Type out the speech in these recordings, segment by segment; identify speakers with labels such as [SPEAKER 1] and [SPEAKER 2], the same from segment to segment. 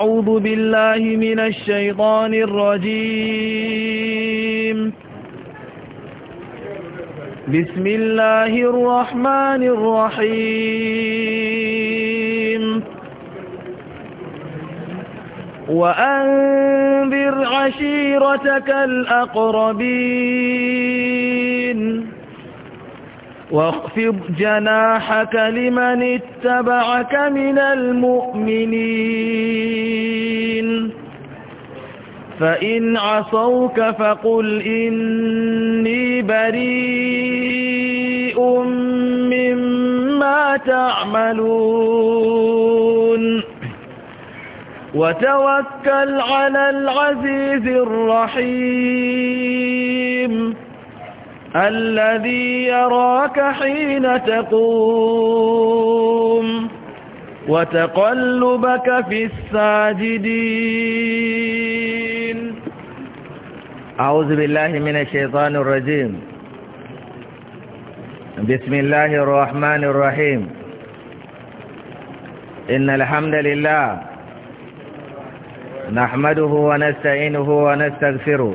[SPEAKER 1] أعوذ
[SPEAKER 2] بالله من الشيطان الرجيم بسم الله الرحمن الرحيم وأنذر عشيرتك الأقربين واخفض جناحك لمن اتبعك من المؤمنين فإن عصوك فقل إني بريء مما تعملون وتوكل على العزيز الرحيم الذي يراك حين تقوم وتقلبك في الساجدين أعوذ بالله من الشيطان
[SPEAKER 3] الرجيم بسم الله الرحمن الرحيم إن الحمد لله نحمده ونستعينه ونستغفره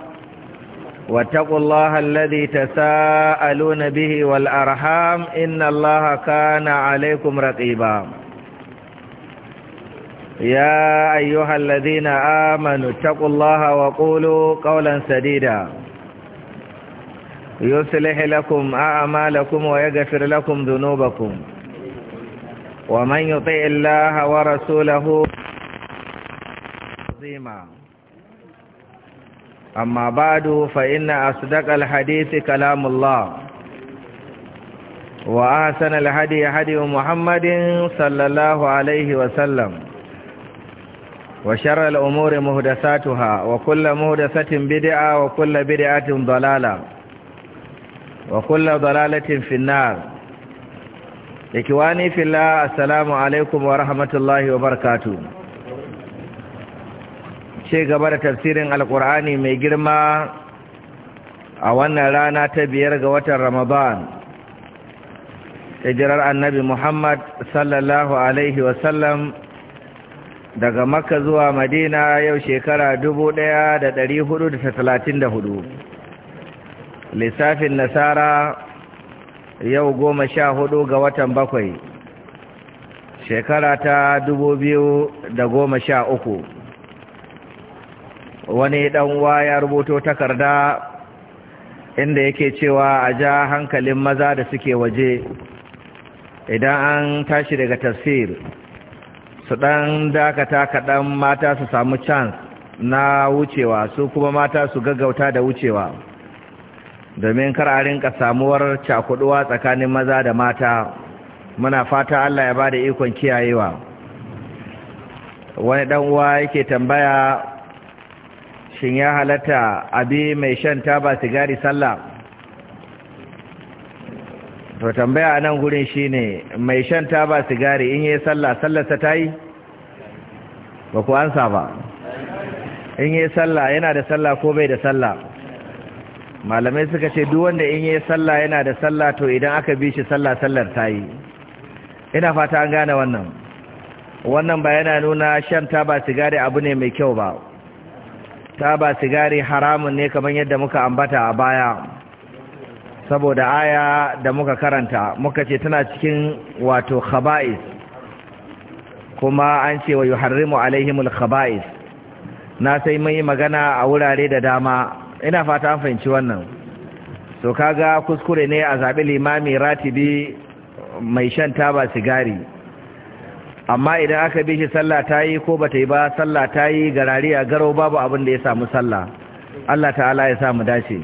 [SPEAKER 3] واتقوا الله الذي تساءلون به والأرحام إن الله كان عليكم رقيبا يا أيها الذين آمنوا اتقوا الله وقولوا قولا سديدا يصلح لكم أعمالكم ويغفر لكم ذنوبكم ومن يطيع الله ورسوله عظيما amma ba da fa ina a sadakar hadithi kalamullah wa a sanar hadiya hadiyar muhammadin sallallahu alaihi wasallam wa sharar umuri muhdasatuha wa kulla muhdasatin bid'a wa kulla bid'atin dalala wa kulla dalalatin finnar ikiwani fila assalamu alaikum wa rahmatullahi wa barkatu. ce gaba da tafsirin alkur'ani mai girma a wannan rana ta biyar ga watan ramadan hijirar annabi muhammad sallallahu alaihi wasallam daga makka zuwa madina yau shekara da hudu, lissafin nasara yau goma sha hudu ga watan bakwai shekara ta da goma sha uku. wani 'dan ɗanwa ya rubuto takarda inda yake cewa a ja hankalin maza da suke waje idan an tashi daga tafsir su ɗan dakata kaɗan mata su samu chance na wucewa su kuma mata su gaggauta da wucewa domin kar a rinka samuwar cakuduwa tsakanin maza da mata muna fata Allah ya bada ikon kiyayewa wani dan uwa yake tambaya shin ya halatta abi mai shan taba sigari sallah to tambaya a nan gurin shine mai shan taba sigari in yi sallah sallarsa ta yi ba ku ansa ba in yi sallah yana da sallah ko bai da sallah malamai suka ce duk wanda in yi sallah yana da sallah to idan aka bi shi sallah sallar ta yi ina fata an gane wannan wannan ba yana nuna shan taba sigari abu ne mai kyau ba taba sigari haramun ne kamar yadda muka ambata a baya saboda aya da muka karanta muka ce tana cikin wato khaba'is kuma an ce wa yuharrimu alaihimul khaba'is na sai mun yi magana a wurare da dama ina fata an fahimci wannan to kaga kuskure ne a zaɓi limami ratibi mai shan taba sigari amma idan aka bi shi sallah ta yi ko ba ta yi ba sallah ta yi garari a garo babu abin da ya samu sallah Allah ta'ala ya samu dace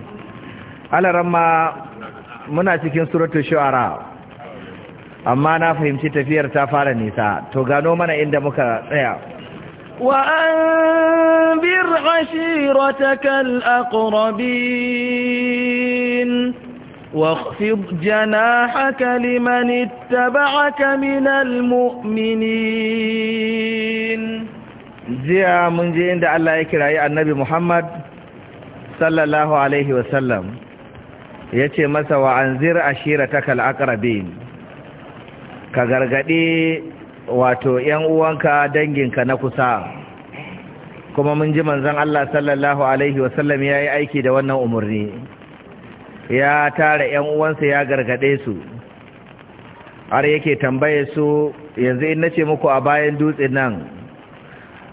[SPEAKER 3] alaran ramma muna cikin suratul shu'ara amma na fahimci tafiyar ta fara nisa to gano mana inda muka tsaya
[SPEAKER 2] wa anbir ashiratakal aqrabin واخفض جناحك لمن اتبعك من المؤمنين jiya mun je inda Allah ya
[SPEAKER 3] kirayi annabi Muhammad sallallahu alaihi wasallam ya ce masa wa anzir zira ashira ta kal'akarabin ka gargade, wato ‘yan uwanka danginka na kusa kuma mun ji manzan Allah sallallahu alaihi wasallam ya yi aiki da wannan umurni. ya tara ‘yan uwansa ya gargaɗe su har yake tambaye su yanzu in nace muku a bayan dutsen nan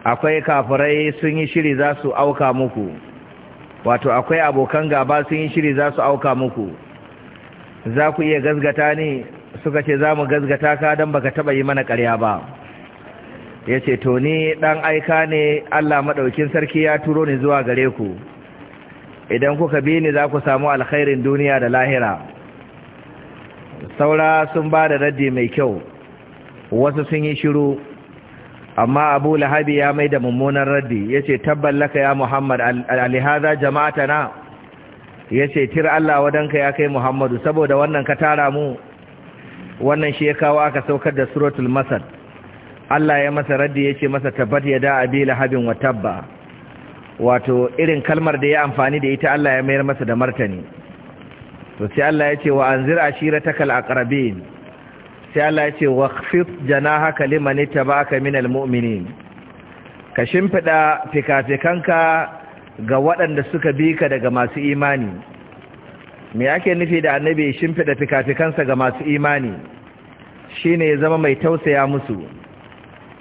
[SPEAKER 3] akwai kafirai sun yi shiri za su auka muku wato akwai abokan gaba sun yi shiri za su auka muku za ku iya gazgata ne suka ce za mu gazgata ka don baka taba yi mana karya ba ya ce to ni ɗan aika ne allah maɗaukin sarki ya turo ni zuwa gare ku idan kuka bi ni za ku samu alkhairin duniya da lahira saura sun ba da raddi mai kyau wasu sun yi shiru amma abu lahabi ya mai da mummunan raddi ya ce na ya muhammad alihaza na. ya ce tir Allah wadanka ya kai muhammadu saboda wannan ka tara mu wannan shi ya kawo aka saukar da suratul masar Allah ya masa raddi ya ce masa tabbat ya da abi lahabin wa tabba wato irin kalmar da ya amfani da ita Allah ya mayar masa da martani to sai Allah ya ce wa anzir ashiratakal aqrabin sai Allah ya ce wa waqfid janahaka liman ittaba'aka minal mu'minin ka shimfida fikafikanka ga waɗanda suka bi ka daga masu imani me yake nufi da annabi shimfida fikafikansa ga masu imani shine ya zama mai tausaya musu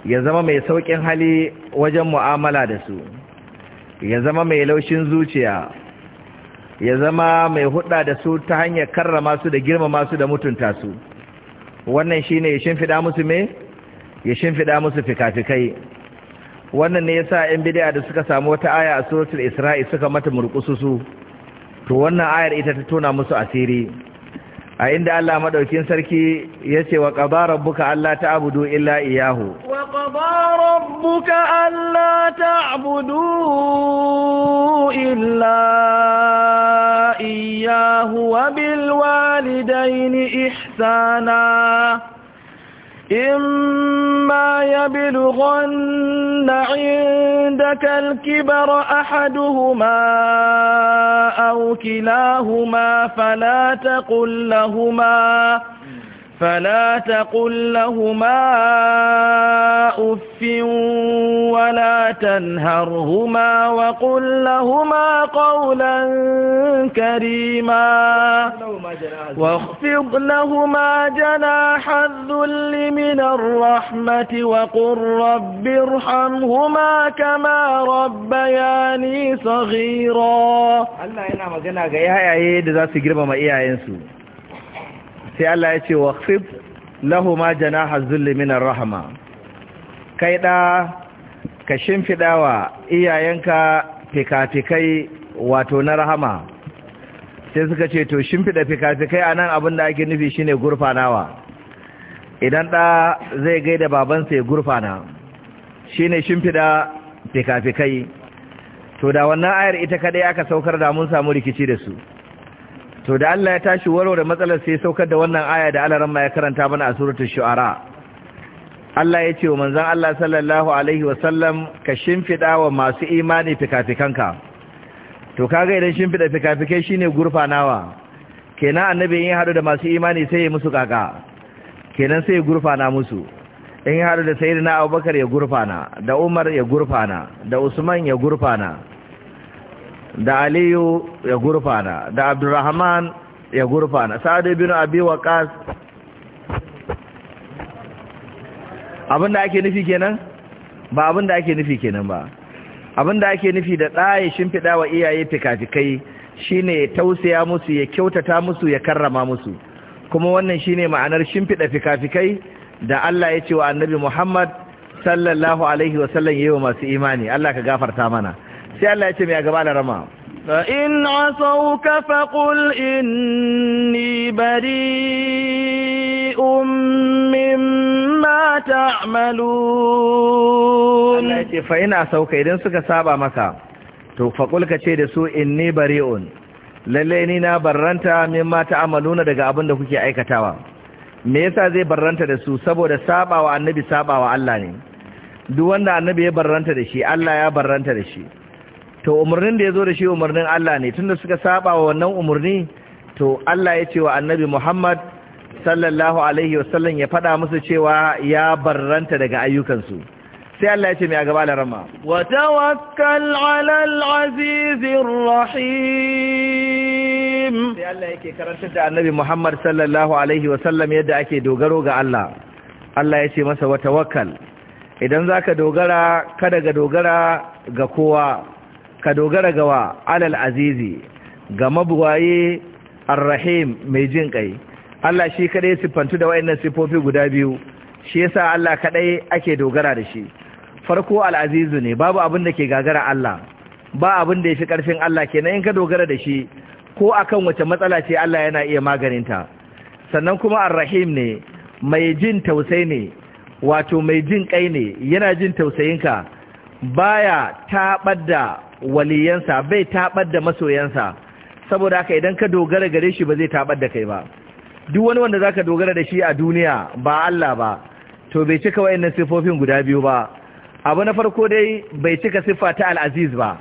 [SPEAKER 3] ya zama mai saukin hali wajen mu'amala da su ya zama mai laushin zuciya ya zama mai hudda da su ta hanyar karrama su da girmama su da mutunta su wannan shine ya shimfida musu me ya shimfida musu fikafikai wannan ne yasa yan bid'a da suka samu wata aya a suratul isra'i suka mata murkususu to wannan ayar ita ta tona musu asiri a inda Allah madaukin sarki ce wa qada rabbuka alla ta'budu illa iyahu."
[SPEAKER 2] wa qada rabbuka ta ta'budu illa iyahu, wa bil walidayni ihsana إما يبلغن عندك الكبر أحدهما أو كلاهما فلا تقل لهما فلا تقل لهما أف ولا تنهرهما وقل لهما قولا كريما واخفض لهما جناح الذل من الرحمة وقل رب ارحمهما كما ربياني صغيرا الله ينعم جناح يا يا
[SPEAKER 3] يا da ما إيه girmama sai Allah ya ce waqfid lahuma janaha zulli minar rahma kai da ka shimfidawa iyayenka fikafikai wato na rahama sai suka ce to shimfida fikafikai nan abin da ake nufi shine gurfanawa idan da zai gaida babansa ya gurfana shine shimfida fikafikai to da wannan ayar ita kadai aka saukar da mun samu rikici da su to da Allah ya tashi warware matsalar sai saukar da wannan aya da Allah ramma ya karanta mana a suratul shu'ara Allah ya ce wa manzon Allah sallallahu alaihi wa sallam ka shimfida wa masu imani fikafikanka to kaga idan shimfida fikafikai shine gurfanawa kenan annabi in hadu da masu imani sai ya musu kaka kenan sai ya gurfana musu in ya hadu da sayyidina Abubakar ya gurfana da Umar ya gurfana da Usman ya gurfana da aliyu ya gurfana da abdurrahman ya gurfana sa'adu bin abi waqas abinda ake nufi kenan ba abinda ake nufi kenan ba abinda ake nufi da ɗaya shimfiɗa wa iyaye fikafikai shine ya tausaya musu ya kyautata musu ya karrama musu kuma wannan shine ma'anar shimfiɗa fikafikai da Allah ya ce wa annabi Muhammad sallallahu alaihi wa sallam wa masu imani Allah ka gafarta mana sai Allah ya ce mai a gaba larama
[SPEAKER 2] فإن bari, ummin إني بريء مما تعملون الله يتي
[SPEAKER 3] فإن عصوك idan suka saba maka to faƙul ka ce da su in ni un lalle ni na barranta min mata amaluna daga abin da kuke aikatawa me yasa zai barranta da su saboda sabawa annabi sabawa Allah ne duk wanda annabi ya barranta da shi Allah ya barranta da shi to umarnin da ya zo da shi umarnin Allah ne tunda suka saba wa wannan umarni to Allah ya ce wa annabi Muhammad sallallahu alaihi wasallam ya faɗa musu cewa ya barranta daga ayyukansu sai Allah ya ce mai a gaba da rama
[SPEAKER 2] wa tawakkal alal azizir rahim sai Allah yake
[SPEAKER 3] karantar da annabi Muhammad sallallahu alaihi wasallam yadda ake dogaro ga Allah Allah ya ce masa wa tawakkal idan zaka dogara kada ga dogara ga kowa ka dogara gawa alal azizi ga mabuwaye arrahim mai jin kai Allah shi kadai siffantu da wayannan sifofi guda biyu shi yasa Allah kadai ake dogara da shi farko al'azizu ne babu abin da ke gagara Allah ba abin da ya fi ƙarfin Allah kenan in ka dogara da shi ko akan wace matsala ce Allah yana iya maganinta sannan kuma arrahim ne mai jin tausayi ne wato mai jin kai ne yana jin tausayinka baya tabar da waliyansa bai taɓar da masoyansa saboda haka idan ka dogara gare shi ba zai tabar da kai ba duk wani wanda za ka dogara da shi a duniya ba Allah ba to bai cika wayannan sifofin guda biyu ba abu na farko dai bai cika siffa ta al-aziz ba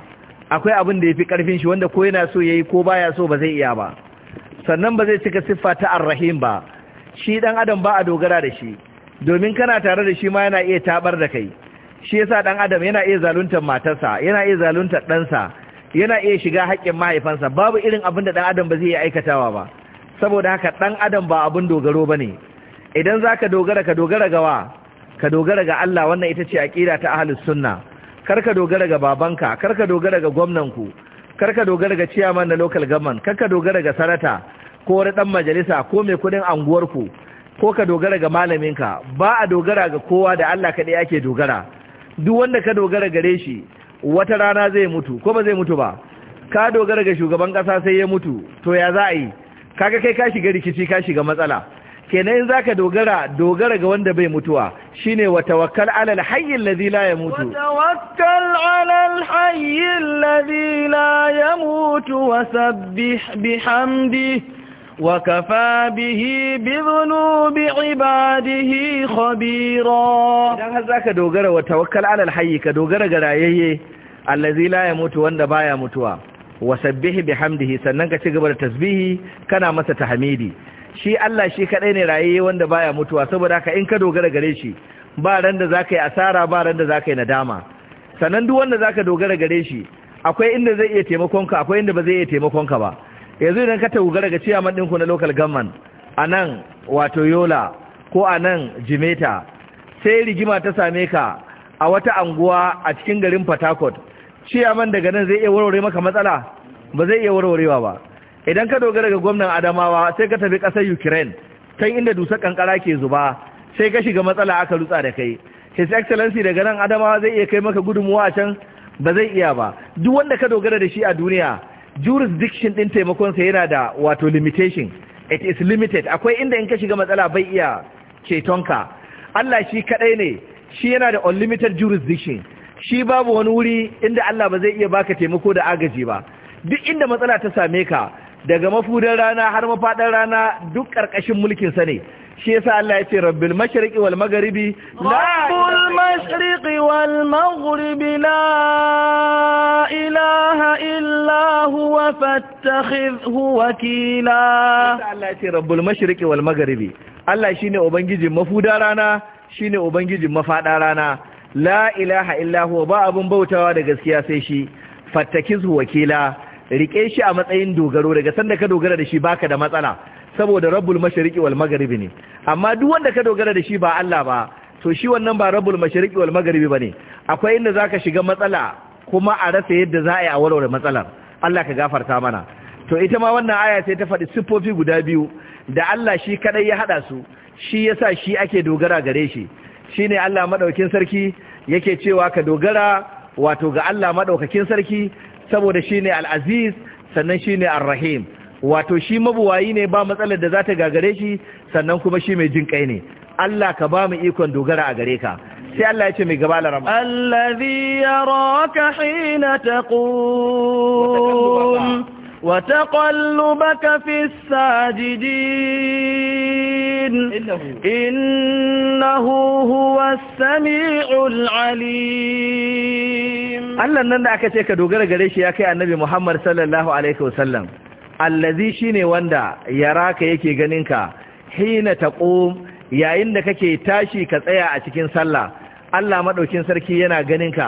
[SPEAKER 3] akwai abin da yafi karfin shi wanda ko yana so yayi ko baya so ba zai iya ba sannan ba zai cika siffa ta ar-rahim ba shi dan adam ba a dogara da shi domin kana tare da shi ma yana iya tabar da kai shi yasa dan adam yana iya zaluntar matarsa yana iya zaluntar ɗansa yana iya shiga haƙƙin mahaifansa babu irin abin da dan adam ba zai iya aikatawa ba saboda haka dan adam ba abin dogaro ba ne. idan za ka dogara ka dogara ga ka dogara ga Allah wannan ita ce aƙida ta ahlus sunna kar ka dogara ga babanka kar ka dogara ga gwamnanku kar ka dogara ga chairman na local government kar ka dogara ga sarata ko wani dan majalisa ko mai kuɗin anguwarku ko ka dogara ga malaminka ba a dogara ga kowa da Allah kaɗai ake dogara duk wanda ka dogara gare shi wata rana zai mutu ko ba zai mutu ba ka dogara ga shugaban kasa sai ya mutu to ya za a yi kaga kai ka shiga rikici ka shiga matsala kenan in zaka dogara dogara ga wanda bai mutuwa shine wa tawakkal alal hayy alladhi la yamutu wa
[SPEAKER 2] tawakkal alal hayy alladhi la yamutu sabbih bihamdihi وكفى به بذنوب عباده خبيرا
[SPEAKER 3] dan har zaka dogara wa tawakkal ala alhayy ka dogara ga rayayye allazi la yamutu wanda baya mutuwa wasabbih bihamdihi sannan ka cigaba da tasbihi kana masa tahmidi shi Allah shi kadai ne rayayye wanda baya mutuwa saboda haka in ka dogara gare shi ba ran da zaka yi asara ba ran da zaka yi nadama sannan duk wanda zaka dogara gare shi akwai inda zai iya taimakon ka akwai inda ba zai iya taimakon ka ba yanzu idan ka taugara ga ciyaman ɗinku na local government a nan wato yola ko a nan jimeta sai rigima ta same ka a wata anguwa a cikin garin patakot ciyaman daga nan zai iya warware maka matsala ba zai iya warwarewa ba idan ka dogara ga gwamnan adamawa sai ka tafi ƙasar ukraine kan inda dusar kankara ke zuba sai ka shiga matsala aka rutsa da kai his excellency daga nan adamawa zai iya kai maka gudunmuwa a can ba zai iya ba duk wanda ka dogara da shi a duniya jurisdiction din taimakon sa yana da wato limitation it is limited akwai inda in ka shiga matsala bai iya cetonka Allah shi kadai ne shi yana da unlimited jurisdiction shi babu wani wuri inda Allah ba zai iya baka taimako da agaji ba duk inda matsala ta same ka daga mafudan rana har mafadan rana duk karkashin mulkin sa ne shi yasa Allah ya ce rabbil mashriqi wal magharibi
[SPEAKER 2] la rabbul mashriqi wal maghribi la ilaha illa huwa fattakhidhu wakila
[SPEAKER 3] Allah ya ce rabbul mashriqi wal magharibi Allah shine ubangiji mafuda rana shine ubangiji mafada rana la ilaha illa huwa ba abun bautawa da gaskiya sai shi fattakizu wakila rike shi a matsayin dogaro daga sanda ka dogara da shi baka da matsala saboda rabbul mashariki wal magharibi ne amma duk wanda ka dogara da shi ba Allah ba to shi wannan ba rabbul mashariki wal magharibi bane akwai inda zaka shiga matsala kuma a rasa yadda za a yi a warware matsalar Allah ka gafarta mana to ita ma wannan aya sai ta faɗi siffofi guda biyu da Allah shi kadai ya hada su shi yasa shi ake dogara gare shi shine Allah madaukakin sarki yake cewa ka dogara wato ga Allah madaukakin sarki saboda shine al-aziz sannan shine ar-rahim wato shi mabuwayi ne ba matsalar da za ta gagare shi sannan kuma shi mai jin kai ne Allah ka ba mu ikon dogara a gare ka sai Allah ya ce mai gaba larama
[SPEAKER 2] allazi yaraka hina taqum wa taqallubaka fis sajidin innahu huwas samiul alim
[SPEAKER 3] Allah nan da aka ce ka dogara gare shi ya kai annabi Muhammad sallallahu alaihi wasallam allazi shine wanda yaraka yake ganinka hina taqum yayin da kake tashi ka tsaya a cikin sallah Allah madaukin sarki yana ganinka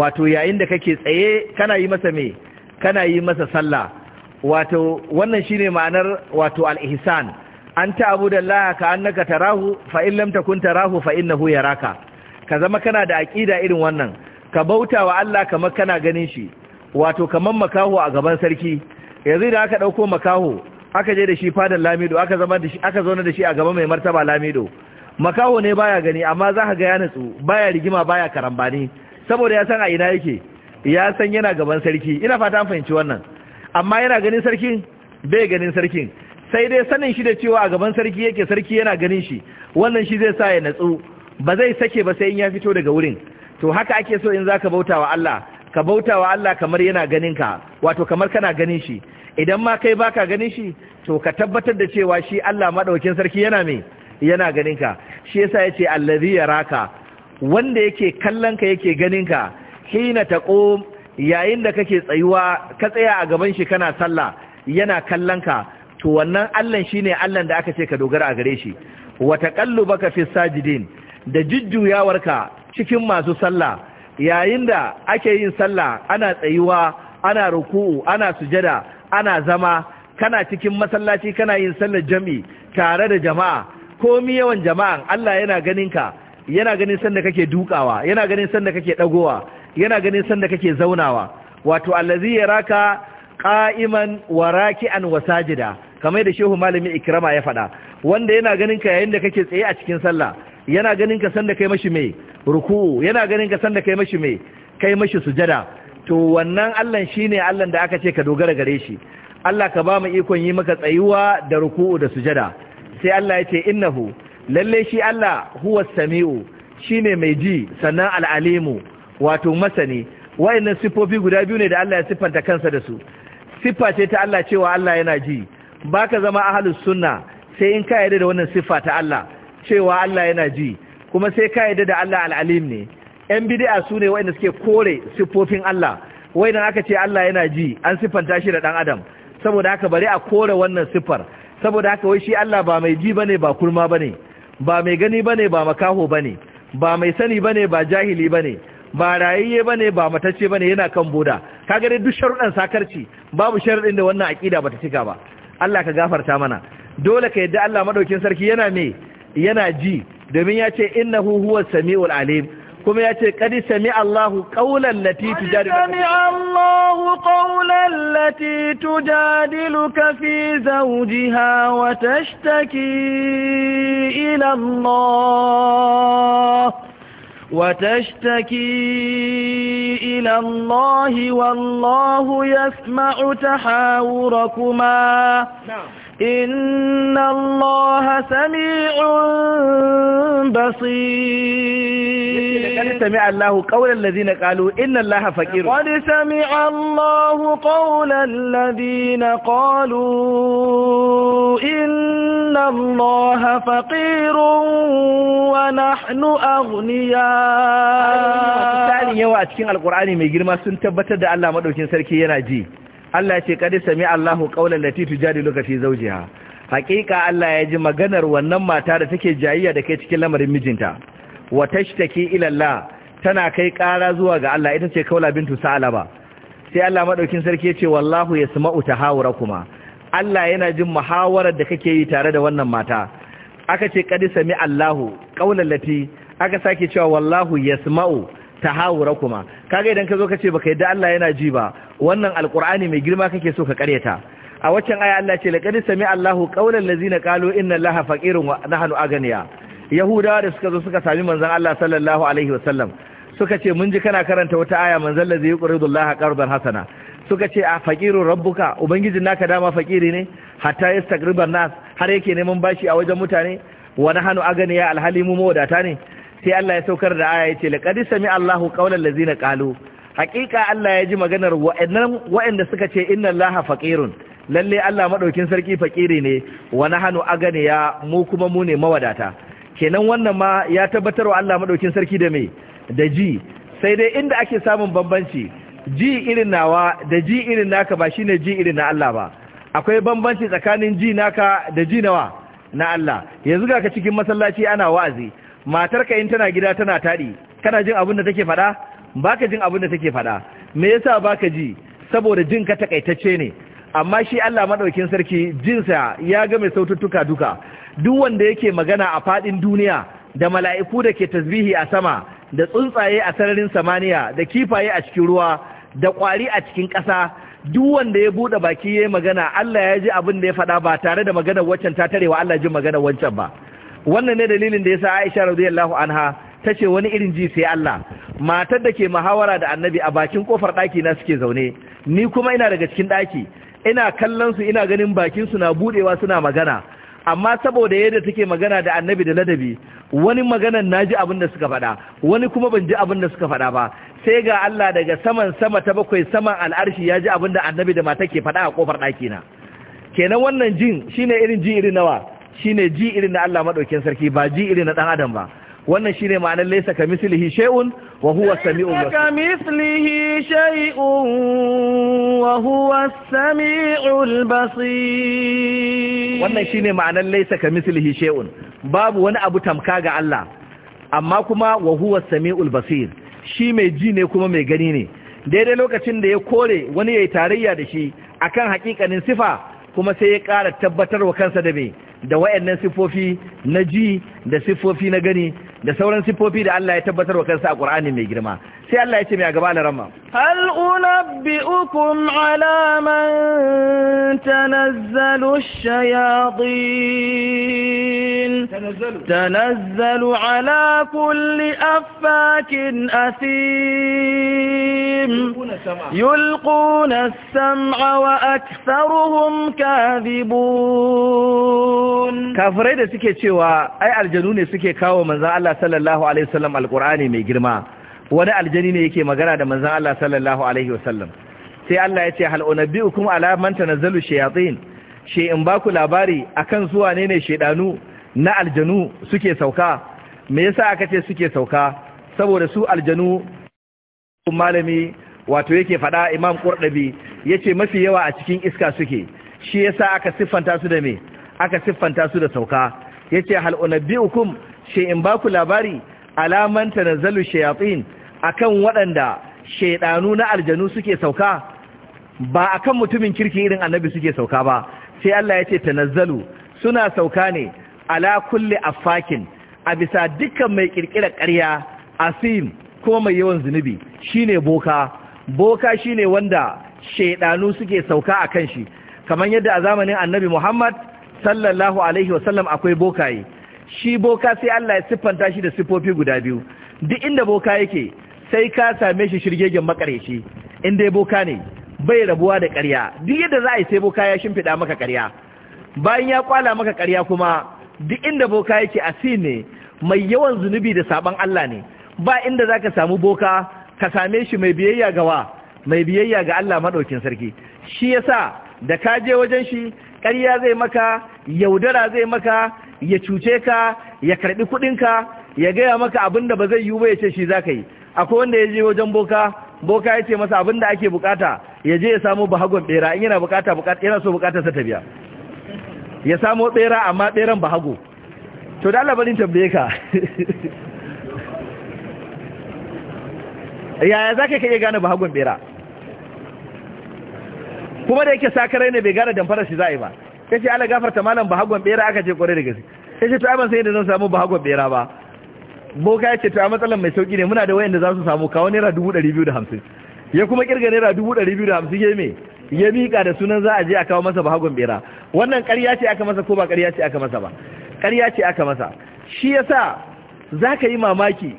[SPEAKER 3] wato yayin da kake tsaye kana yi masa me kana yi masa sallah wato wannan shine ma'anar wato al-ihsan an ta'budallaha ka annaka tarahu fa in lam takun tarahu fa innahu yaraka ka zama kana da aqida irin wannan ka bautawa Allah kamar kana ganin shi wato kamar makaho a gaban sarki yanzu da aka ɗauko makaho aka je da shi fadan lamido aka zama da shi aka zauna da shi a gaba mai martaba lamido makaho ne baya gani amma za ka ga ya nutsu baya rigima baya karambani saboda ya san a ina yake ya san yana gaban sarki ina fata an fahimci wannan amma yana ganin sarkin bai ganin sarkin sai dai sanin shi da cewa a gaban sarki yake sarki yana ganin shi wannan shi zai sa ya natsu ba zai sake ba sai in ya fito daga wurin to haka ake so in zaka bauta wa Allah ka bauta wa Allah kamar yana ganin ka wato kamar kana ganin shi idan ma kai baka ganin shi to ka tabbatar da cewa shi Allah madaukin sarki yana me yana ganin ka shi yasa yace allazi yaraka wanda yake kallon ka yake ganin ka hina taqum yayin da kake tsayuwa ka tsaya a gaban shi kana sallah yana kallon ka to wannan Allah shine Allah da aka ce ka dogara a gare shi wa taqallubaka fi sajidin da jujjuyawarka cikin masu sallah yayin da ake yin sallah ana tsayuwa ana ruku'u ana sujada ana zama kana cikin masallaci kana yin sallar jami tare da jama'a komi yawan jama'an Allah yana ganin ka yana ganin sanda kake dukawa yana ganin sanda kake dagowa yana ganin sanda kake zaunawa wato allazi yaraka qa'iman wa raki'an wa sajida kamar da shehu malami ikrama ya faɗa wanda yana ganin ka yayin da kake tsaye a cikin sallah yana ganin ka sanda kai mashi mai ruku yana ganin ka sanda kai mashi mai kai mashi sujada to wannan allan ne allan da aka ce ka dogara gare shi Allah ka ba mu ikon yi maka tsayuwa da ruku'u da sujada sai Allah ya ce innahu lalle shi Allah huwa sami'u shi ne mai ji sannan al'alimu wato masani wayannan sifofi guda biyu ne da Allah ya siffanta kansa da su siffa ce ta Allah cewa Allah yana ji baka zama ahlus sunna sai in ka yarda da wannan siffa ta Allah cewa Allah yana ji kuma sai ka yarda da Allah al'alim ne yan bid'a su ne wa'inda suke kore siffofin Allah wa'inda aka ce Allah yana ji an siffanta shi da ɗan adam saboda haka bari a kore wannan siffar saboda haka wai shi Allah ba mai ji ba ne ba kurma ne, ba mai gani ba ne ba makaho ba ne, ba mai sani ba ne ba jahili ba ne, ba rayayye ne ba matacce ne yana kan boda ka gani duk sharuɗan sakarci babu sharuɗin da wannan akida bata cika ba Allah ka gafarta mana dole ka yadda Allah maɗaukin sarki yana me yana ji domin ya ce innahu huwa samiul alim kuma ya ce kadi sami Allahu qaulan lati tujadiluka sami
[SPEAKER 2] Allahu qaulan lati tujadiluka fi zawjiha wa tashtaki ila Allah wa tashtaki ila Allah wallahu yasma'u tahawurakuma na'am إن الله سميع بصير قد
[SPEAKER 3] سمع الله قول الذين قالوا إن الله فقير قد
[SPEAKER 2] سمع الله قول الذين قالوا إن الله فقير ونحن أغنياء
[SPEAKER 3] misali yawa a cikin alkur'ani mai girma sun tabbatar da Allah madaukin sarki yana ji Allah ce kadi sami Allahu qaulan lati jari lokaci zawjiha haqiqa Allah ya ji maganar wannan mata da take jayayya da kai cikin lamarin mijinta wa tashtaki ila Allah tana kai ƙara zuwa ga Allah ita ce kaula bintu salaba sai Allah madaukin sarki ya ce wallahu yasma'u tahawurakuma Allah yana jin muhawarar da kake yi tare da wannan mata aka ce kadi sami Allahu qaulan lati aka sake cewa wallahu yasma'u ta tahawura kuma kaga idan ka zo ka ce baka yadda Allah yana ji ba wannan alqur'ani mai girma kake so ka karyata a waccan aya Allah ce laqad sami'a Allahu qawlan allazina qalu inna Allaha faqirun wa nahnu aghniya yahudawa da suka zo suka sami manzon Allah sallallahu alaihi wasallam suka ce mun ji kana karanta wata aya manzon lazi yuqridullaha qardan hasana suka ce a faqirun rabbuka ubangijin naka dama fakiri ne hatta yastagribu nas har yake neman bashi a wajen mutane wa nahnu aganiya alhalimu mawadata ne sai Allah ya saukar da aya yace laqad sami Allahu qawlal lazina qalu haqiqa Allah ya ji maganar wa'annan wa'anda suka ce inna Allaha faqirun lalle Allah madaukin sarki fakiri ne wa nahnu ya mu kuma mu ne mawadata kenan wannan ma ya tabbatar wa Allah madaukin sarki da me da ji sai dai inda ake samun bambanci ji irin nawa da ji irin naka ba shine ji irin na Allah ba akwai bambanci tsakanin ji naka da ji nawa na Allah yanzu ga ka cikin masallaci ana wa'azi matarka in tana gida tana taɗi kana jin abin da take faɗa baka jin abin da take faɗa me yasa baka ji saboda jin ka takaitacce ne amma shi Allah maɗaukin sarki jinsa ya ga mai saututtuka duka duk wanda yake magana a faɗin duniya da mala'iku da ke tasbihi a sama da tsuntsaye a sararin samaniya da kifaye a cikin ruwa da ƙwari a cikin ƙasa duk wanda ya buɗe baki yayi magana Allah ya ji abin da ya faɗa ba tare da maganar waccan ta tarewa Allah jin maganar wancan ba wannan ne dalilin da yasa Aisha radiyallahu anha tace wani irin ji sai Allah matar da ke muhawara da annabi a bakin kofar daki na suke zaune ni kuma ina daga cikin daki ina kallon su ina ganin bakin su na budewa suna magana amma saboda yadda take magana da annabi da ladabi wani maganan naji abin da suka faɗa wani kuma ban ji abin da suka faɗa ba sai ga Allah daga saman sama ta bakwai saman al'arshi ya ji abin da annabi da mata ke faɗa a kofar ɗaki na kenan wannan jin shine irin ji irin nawa Shi ne ji irin na Allah maɗaukin sarki ba ji irin na ɗan adam ba wannan shine ma'anar laysa kamislihi shay'un wa huwa samiul basir
[SPEAKER 2] kamislihi shay'un wa huwa samiul basir wannan
[SPEAKER 3] shine ma'anar laysa kamislihi shay'un babu wani abu tamka ga Allah amma kuma wa huwa samiul basir shi mai ji ne kuma mai gani ne daidai lokacin da ya kore wani ya yi tarayya da shi akan hakikanin sifa kuma sai ya ƙara tabbatar wa kansa da mai da wayannan sifofi na ji da sifofi na gani da sauran sifofi da Allah ya tabbatar wa kansa a Ƙur'ani mai girma sai Allah ya ce mai a gaba larama
[SPEAKER 2] hal unabbi ala man tanazzalu shayatin tanazzalu ala kulli affakin asim yulquna sama wa aktharuhum kadhibun
[SPEAKER 3] kafirai da suke cewa ai aljanu ne suke kawo manzon Allah sallallahu alaihi wasallam alqur'ani mai girma wani aljani ne yake magana da manzan Allah sallallahu alaihi wasallam sai Allah ya ce biyu kuma alamanta na zalu shayatsin she in ba ku labari akan zuwa ne ne shaidanu na aljanu suke sauka me yasa aka ce suke sauka saboda su aljanu malami wato yake fada Imam ya yace mafi yawa a cikin iska suke shi yasa aka siffanta su da me aka siffanta su da sauka yace biyu kuma shi in ba ku labari na zalu shayatsin akan waɗanda shaidanu na aljanu suke sauka ba akan mutumin kirki irin annabi suke sauka ba sai Allah ya ce tanazzalu suna sauka ne ala kulli affakin a bisa dukkan mai ƙirƙirar ƙarya asim ko mai yawan zunubi shine boka boka shine wanda shaidanu suke sauka a kan shi kamar yadda a zamanin annabi Muhammad sallallahu alaihi wasallam akwai bokaye shi boka sai Allah ya siffanta shi da siffofi guda biyu duk inda boka yake sai ka same shi shirgegen makarashi inda dai boka ne bai rabuwa da ƙarya duk yadda za a yi sai boka ya shimfiɗa maka ƙarya bayan ya kwala maka ƙarya kuma duk inda boka yake asi ne mai yawan zunubi da saban Allah ne ba inda za ka samu boka ka same shi mai biyayya ga wa mai biyayya ga Allah maɗaukin sarki shi ya sa da ka je wajen shi ƙarya zai maka yaudara zai maka ya cuce ka ya karɓi kuɗinka ya gaya maka abin da ba zai yi ba ya ce shi za ka yi akwai wanda ya je wajen boka boka ya ce masa abin da ake bukata ya je ya samu bahagon bera in yana bukata bukata yana so bukata sa ta biya ya samu bera amma beran bahago to da Allah barin tambaye ka yaya zaka kai gane bahagon bera kuma da yake sakarai ne bai gane damfara shi za'i ba kace Allah gafarta malam bahagon bera aka je kore da gaske kace to ai ban sai da zan samu bahagon bera ba boka ya ce ta matsalar mai sauki ne muna da wayanda za su samu kawo naira dubu biyu da hamsin ya kuma kirga naira dubu biyu da hamsin ya mai ya miƙa da sunan za a je a kawo masa hagun bera wannan ƙarya ce aka masa ko ba ƙarya ce aka masa ba ƙarya ce aka masa shi yasa za ka yi mamaki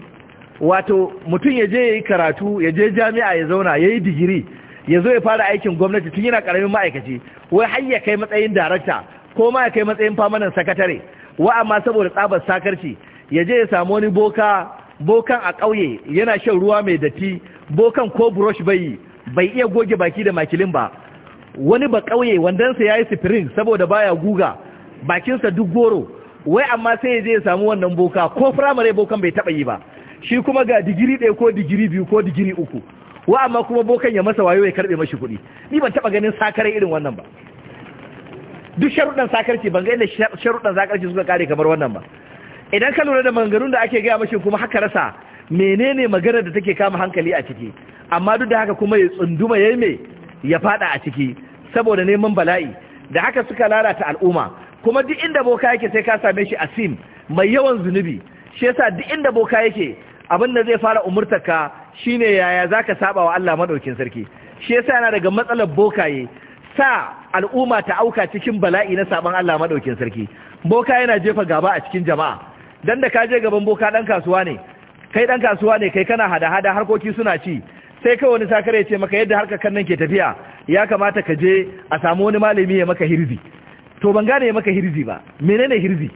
[SPEAKER 3] wato mutum ya je ya yi karatu ya je jami'a ya zauna ya yi digiri ya zo ya fara aikin gwamnati tun yana ƙaramin ma'aikaci wai har ya kai matsayin darakta ko ma ya kai matsayin famanan sakatare wa amma saboda tsabar sakarci ya je ya samu wani boka bokan a ƙauye yana shan ruwa mai datti bokan ko brush bai bai iya goge baki da makilin ba wani ba ƙauye wandansa ya yi sifirin saboda baya guga bakinsa duk goro wai amma sai ya je ya samu wannan boka ko firamare bokan bai taɓa yi ba shi kuma ga digiri ɗaya ko digiri biyu ko digiri uku wa amma kuma bokan ya masa wayo ya karɓe mashi kuɗi ni ban taɓa ganin sakarai irin wannan ba duk sharuɗan sakarci ban ga inda sharuɗan sakarci suka kare kamar wannan ba idan ka lura da maganganun da ake gaya mashi kuma haka rasa menene maganar da take kama hankali a ciki amma duk da haka kuma ya tsunduma ya me? ya fada a ciki saboda neman bala'i da haka suka lalata al'umma kuma duk inda boka yake sai ka same shi asim mai yawan zunubi shi yasa duk inda boka yake abin da zai fara umurtaka shine yaya zaka saba wa Allah madaukin sarki shi yasa yana daga matsalar bokaye sa al'umma ta auka cikin bala'i na saban Allah madaukin sarki boka yana jefa gaba a cikin jama'a dan da ka je gaban boka dan kasuwa ne kai dan kasuwa ne kai kana hada hada harkoki suna ci sai kai wani sakare ce maka yadda harkar kan ke tafiya ya kamata ka je a samu wani malami ya maka hirzi to ban gane ya maka hirzi ba menene hirzi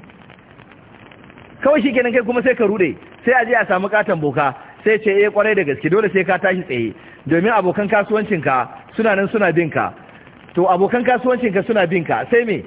[SPEAKER 3] kawai shikenan kai kuma sai ka rude sai a je a samu katon boka sai ce eh kwarai da gaske dole sai ka tashi tsaye domin abokan kasuwancinka suna nan suna binka to abokan kasuwancinka suna binka sai me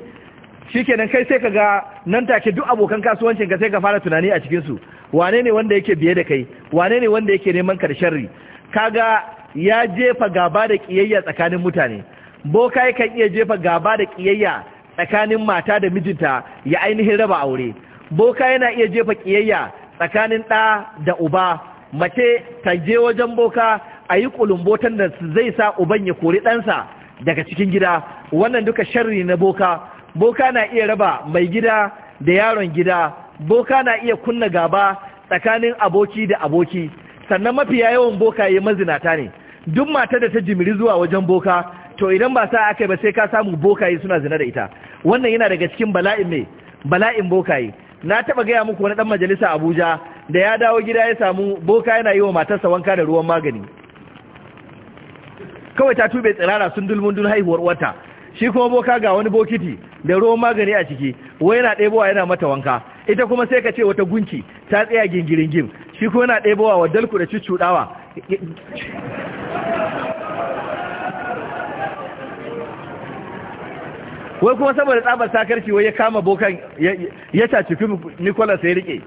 [SPEAKER 3] Shi shikenan kai sai ka ga nan take duk abokan kasuwancin ka sai ka fara tunani a cikin su wane ne wanda yake biye da kai wane ne wanda yake neman karshen kaga ya jefa gaba da kiyayya tsakanin mutane boka kan iya jefa gaba da kiyayya tsakanin mata da mijinta ya ainihin raba aure boka yana iya jefa kiyayya tsakanin ɗa da uba mace ta je wajen boka a yi kulumbotan da zai sa uban ya kori ɗansa daga cikin gida wannan duka sharri na boka boka na iya raba mai gida da yaron gida boka na iya kunna gaba tsakanin aboki da aboki sannan mafiya yawan bokaye mazinata ne duk mata da ta jimiri zuwa wajen boka to idan ba sa aka ba sai ka samu bokaye suna zina da ita wannan yana daga cikin bala'in mai bala'in bokaye na taba gaya muku wani dan majalisa Abuja da ya dawo gida ya samu boka yana yi wa matarsa wanka da ruwan magani kawai ta tube tsirara sun dulmundun haihuwar wata shi kuma boka ga wani bokiti da ruwan magani a ciki wai yana ɗebowa yana mata wanka ita kuma sai ka ce wata gunki ta tsaya gingiringim shi kuma yana ɗebowa wa dalku da cuccuɗawa wai kuma saboda tsabar sakarci wai ya kama bokan ya cacifi nikola sai rike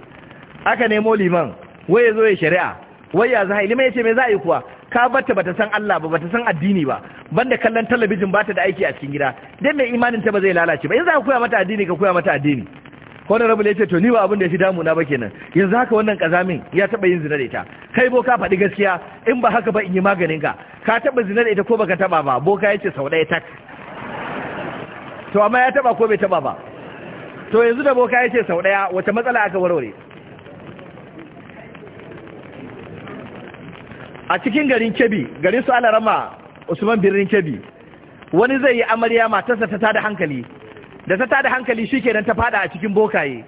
[SPEAKER 3] aka nemo liman wai ya zo ya shari'a wai ya za a liman ya ce mai za a yi kuwa ka bata bata san Allah ba bata san addini ba banda kallon talabijin bata da aiki a cikin gida dan mai imanin ta ba zai lalace ba yanzu ka koya mata addini ka koya mata addini honorable yace to ni ba abin da ya fi na ba kenan yanzu haka wannan kazamin ya taba yin zina da ita kai boka faɗi gaskiya in ba haka ba in yi maganin ka ka taba zina da ita ko baka taba ba boka yace sau ɗaya tak to amma ya taba ko bai taba ba to yanzu da boka yace sau ɗaya wata matsala aka warware a cikin garin kebi garin su rama usman birnin kebi wani zai yi amarya matarsa ta tada hankali da ta tada hankali shi nan ta fada a cikin bokaye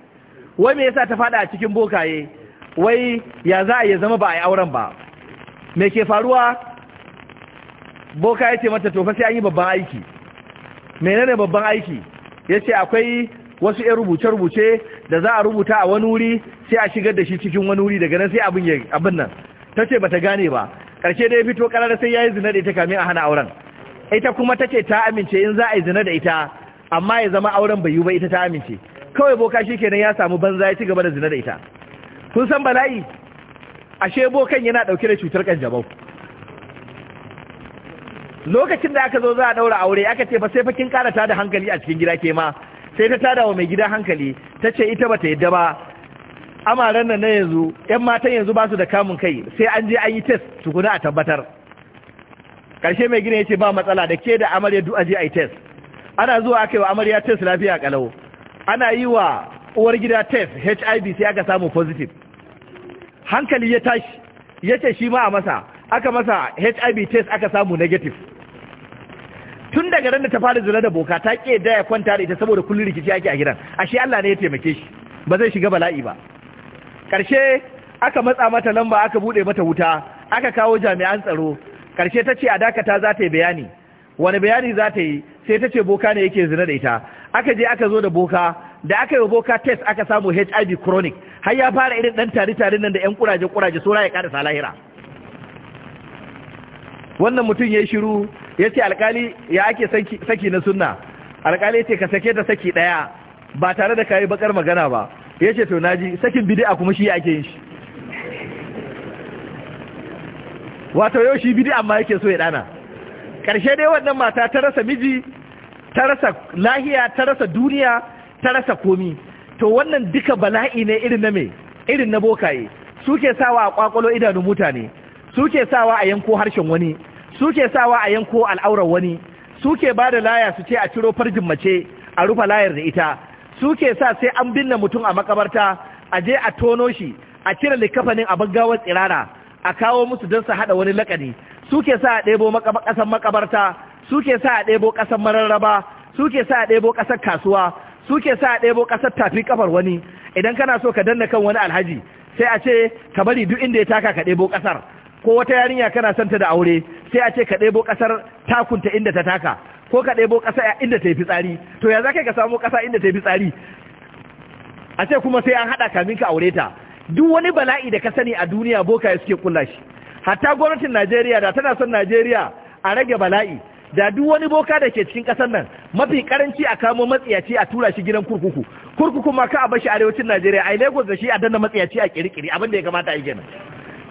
[SPEAKER 3] wai me yasa ta fada a cikin bokaye wai ya za a yi zama ba a yi auren ba me ke faruwa bokaye ce mata tofa sai an yi babban aiki menene babban aiki ya ce akwai wasu 'yan rubuce-rubuce da za a rubuta a wani wuri sai a shigar da shi cikin wani wuri daga nan sai abin nan ta ce ba ta gane ba ƙarshe da ya fito ƙarar sai ya yi zina da ita kamin a hana auren ita kuma ta ce ta amince in za a yi zina da ita amma ya zama auren bai yi ba ita ta amince kawai boka shi kenan ya samu banza ya ci gaba da zina da ita kun san bala'i ashe bokan yana ɗauke da cutar kanjamau lokacin da aka zo za a ɗaura aure aka ce ba sai fa kin ƙara tada hankali a cikin gida ke ma sai ta tada wa mai gida hankali ta ce ita ba ta yadda ba amaren nan na yanzu yan matan yanzu ba su da kamun kai sai an je an yi test tukuna a tabbatar karshe mai gina ya ce ba matsala da ke da amarya duk aje a yi test ana zuwa aka yi wa amarya test lafiya kalau ana yi wa uwar gida test hiv sai aka samu positive hankali ya tashi ya ce shi ma a masa aka masa hiv test aka samu negative tun daga ran da ta fara zina da boka ta ke da kwanta da ita saboda kullum rikici ake a gidan ashe Allah ne ya taimake shi ba zai shiga bala'i ba karshe aka matsa mata lamba aka bude mata wuta aka kawo jami'an tsaro karshe ta ce a dakata za ta yi bayani wani bayani za ta yi sai ta ce boka ne yake zina da ita aka je aka zo da boka da aka yi boka test aka samu hiv chronic har ya fara irin dan tari-tari nan da yan kuraje-kuraje sora ya karasa lahira wannan mutum ya yi shiru ya ce alkali ya ake saki na sunna alkali ya ce ka sake ta saki daya ba tare da kayi bakar magana ba ya ce to naji sakin bidi'a kuma shi ake yin shi wato yau shi bidi'a ma yake so ya dana karshe dai wannan mata ta rasa miji ta rasa lahiya ta rasa duniya ta rasa komi to wannan duka bala'i ne irin na me irin na bokaye suke sawa a kwakwalo idanun mutane suke sawa a yanko harshen wani suke sawa a yanko al'aurar wani suke ba da laya su ce a ciro farjin mace a rufa layar da ita suke sa sai an binne mutum a makabarta a je a tono shi a cire likafanin a bangawar tsirara a kawo musu don su haɗa wani lakani suke sa a ɗebo ƙasar makabarta suke sa a ɗebo ƙasar mararraba suke sa a ɗebo ƙasar kasuwa suke sa a ɗebo ƙasar tafi kafar wani idan kana so ka danna kan wani alhaji sai a ce ka bari duk inda ya taka ka ɗebo ƙasar ko wata yarinya kana son ta da aure sai a ce ka ɗebo ƙasar takunta inda ta taka ko ka ɗebo ƙasa inda ta yi fitsari to ya za ka samu ƙasa inda ta yi fitsari a ce kuma sai an haɗa kamin ka aure ta duk wani bala'i da ka sani a duniya boka suke kulla shi hatta gwamnatin najeriya da tana son najeriya a rage bala'i da duk wani boka da ke cikin ƙasar nan mafi karanci a kamo matsiyaci a tura shi gidan kurkuku kurkuku ma ka a bashi arewacin najeriya a lagos da shi a danna matsiyaci a kirikiri abinda ya kamata a gina.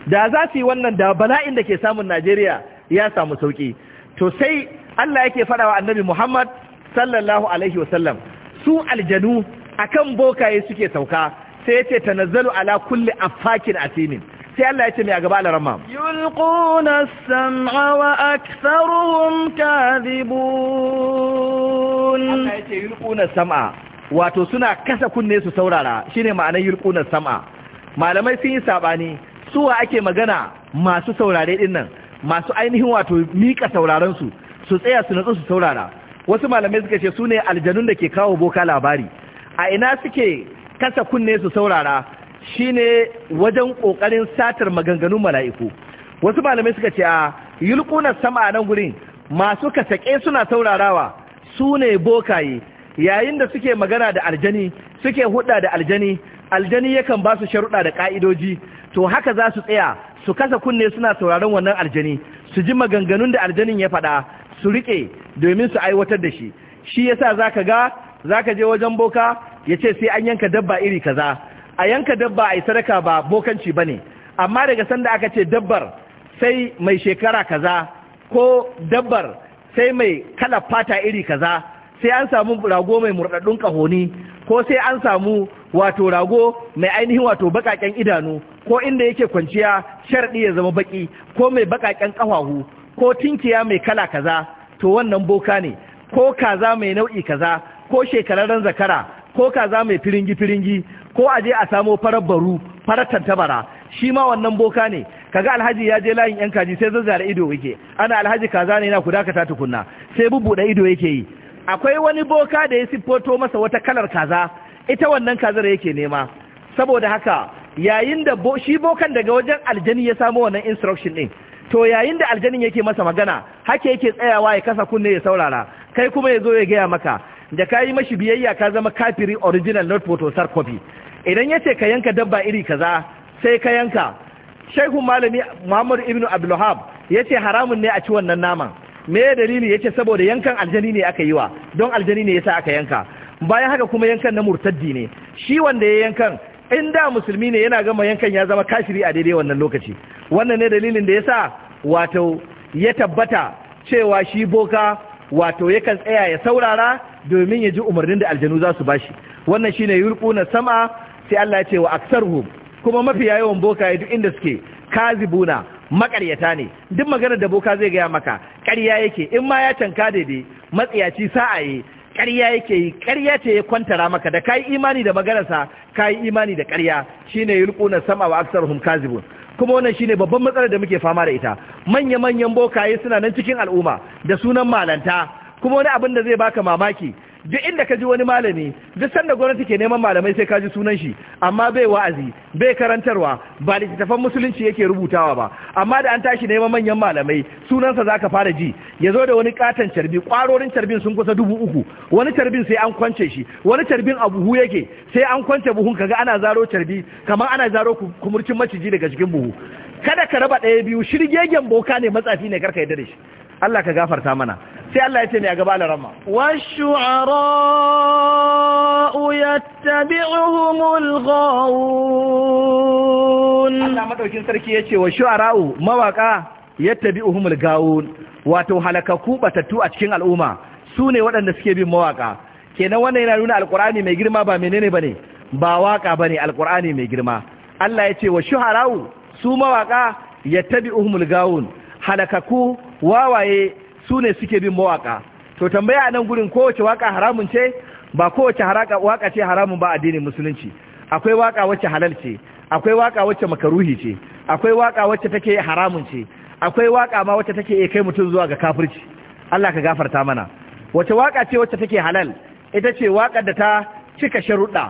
[SPEAKER 3] da za su yi wannan da bala'in da ke samun najeriya ya samu sauki to sai Allah yake fadawa annabi Muhammad sallallahu alaihi wasallam su aljanu akan bokaye suke sauka sai yace tanazzalu ala kulli affakin asimin sai Allah yace mai a gaba da ramma
[SPEAKER 2] yulquna sama wa aktharuhum kadhibun Allah yace yulquna
[SPEAKER 3] sama wato suna kasa kunne su saurara shine ma'anar yulquna sama malamai sun yi sabani wa ake magana masu saurare dinnan masu ainihin wato mika sauraron su su tsaya su natsu su saurara wasu malamai suka ce su ne aljanun da ke kawo boka labari a ina suke kasa kunne su saurara shine wajen kokarin satar maganganun mala'iku wasu malamai suka ce a yulkunan sama a nan gurin masu kasake suna saurarawa su ne bokaye yayin da suke magana da aljani suke hudda da aljani aljani yakan ba su sharuɗa da ƙa'idoji to haka za su tsaya su kasa kunne suna sauraron wannan aljani su ji maganganun da aljanin ya faɗa su riƙe domin su aiwatar da shi shi yasa zaka ga za ka je wajen boka ya ce sai an yanka dabba iri kaza a yanka dabba a yi sadaka ba bokanci bane amma daga sanda aka ce dabbar sai mai shekara kaza ko dabbar sai mai kala fata iri kaza sai an samu rago mai murɗaɗɗun ƙahoni ko sai an samu wato rago mai ainihin wato baƙaƙen idanu ko inda yake kwanciya sharɗi ya zama baƙi ko mai baƙaƙen ƙafahu ko tinkiya mai kala kaza to wannan boka ne ko kaza mai nau'i kaza ko shekararren zakara ko kaza mai firingi firingi ko a je a samo farar baru farar tantabara shi ma wannan boka ne kaga alhaji ya je layin yan kaji sai zazzara ido yake ana alhaji kaza ne yana ta tukunna sai bubuɗe ido yake yi akwai wani boka da ya siffoto masa wata kalar kaza ita wannan kazar yake nema saboda haka yayin da shi bokan daga wajen aljani ya samu wannan instruction din to yayin da aljanin yake masa magana hake yake tsayawa ya kasa kunne ya saurara kai kuma ya zo ya gaya maka da ka yi mashi biyayya ka zama kafiri original not photosar copy idan yace ka yanka dabba iri kaza sai ka yanka shaihun malami muhammad ibnu abdulhab ya ce haramun ne a ci wannan naman me ya dalili ya saboda yankan aljani ne aka yi wa don aljani ne yasa aka yanka bayan haka kuma yankan na murtaddi ne shi wanda ya yankan in da musulmi ne yana gama yankan ya zama kashiri a daidai wannan lokaci wannan ne dalilin da yasa wato ya tabbata cewa shi boka wato yakan tsaya ya saurara domin ya ji umarnin da aljanu za su bashi wannan shine na sama sai Allah ya ce wa aktsaruhum kuma mafi yawan boka ya duk inda suke kazibuna makaryata ne duk maganar da boka zai gaya maka ƙarya yake in ma ya canka daidai matsiyaci sa'aye ƙarya yake yi ƙarya ce ya kwantara maka da kayi imani da maganarsa kayi imani da ƙarya shine yulquna sama wa aktsaruhum kazibun kuma wannan shine babban matsalar da muke fama da ita manya manyan bokaye suna nan cikin al'umma da sunan malanta kuma wani abin da zai baka mamaki duk inda ka ji wani malami duk sanda gwamnati ke neman malamai sai ka ji sunan shi amma bai wa'azi bai karantarwa ba litattafan musulunci yake rubutawa ba amma da an tashi neman manyan malamai sunansa za ka fara ji ya zo da wani katon carbi kwarorin carbin sun kusa dubu uku wani carbin sai an kwance shi wani carbin a buhu yake sai an kwance buhun kaga ana zaro carbi kamar ana zaro kumurcin maciji daga cikin buhu kada ka raba ɗaya biyu shirgegen boka ne matsafi ne karka yadda da shi Allah ka gafarta mana sai Allah ya ce mai a gaba larama
[SPEAKER 2] washu'ara'u yattabi'uhumul ghawun Allah madaukin
[SPEAKER 3] sarki ya ce yace washu'ara'u mawaka yattabi'uhumul gawun wato halakaku batattu a cikin al'umma su ne waɗanda suke bin mawaka kenan wannan yana nuna Alƙur'ani mai girma ba menene bane ba waka bane Alƙur'ani mai girma Allah ya ce yace washu'ara'u su mawaka uhumul gawun halakaku wawaye su ne suke bin mawaka to tambaya nan gurin kowace waka haramun ce ba kowace waka ce haramun ba addinin musulunci akwai waka wacce halal ce akwai waka wacce makaruhi ce akwai waka wacce take haramun ce akwai waka ma wacce take kai mutum zuwa ga kafirci Allah ka gafarta mana wace waka ce wacce take halal ita ce waka da ta cika sharuɗa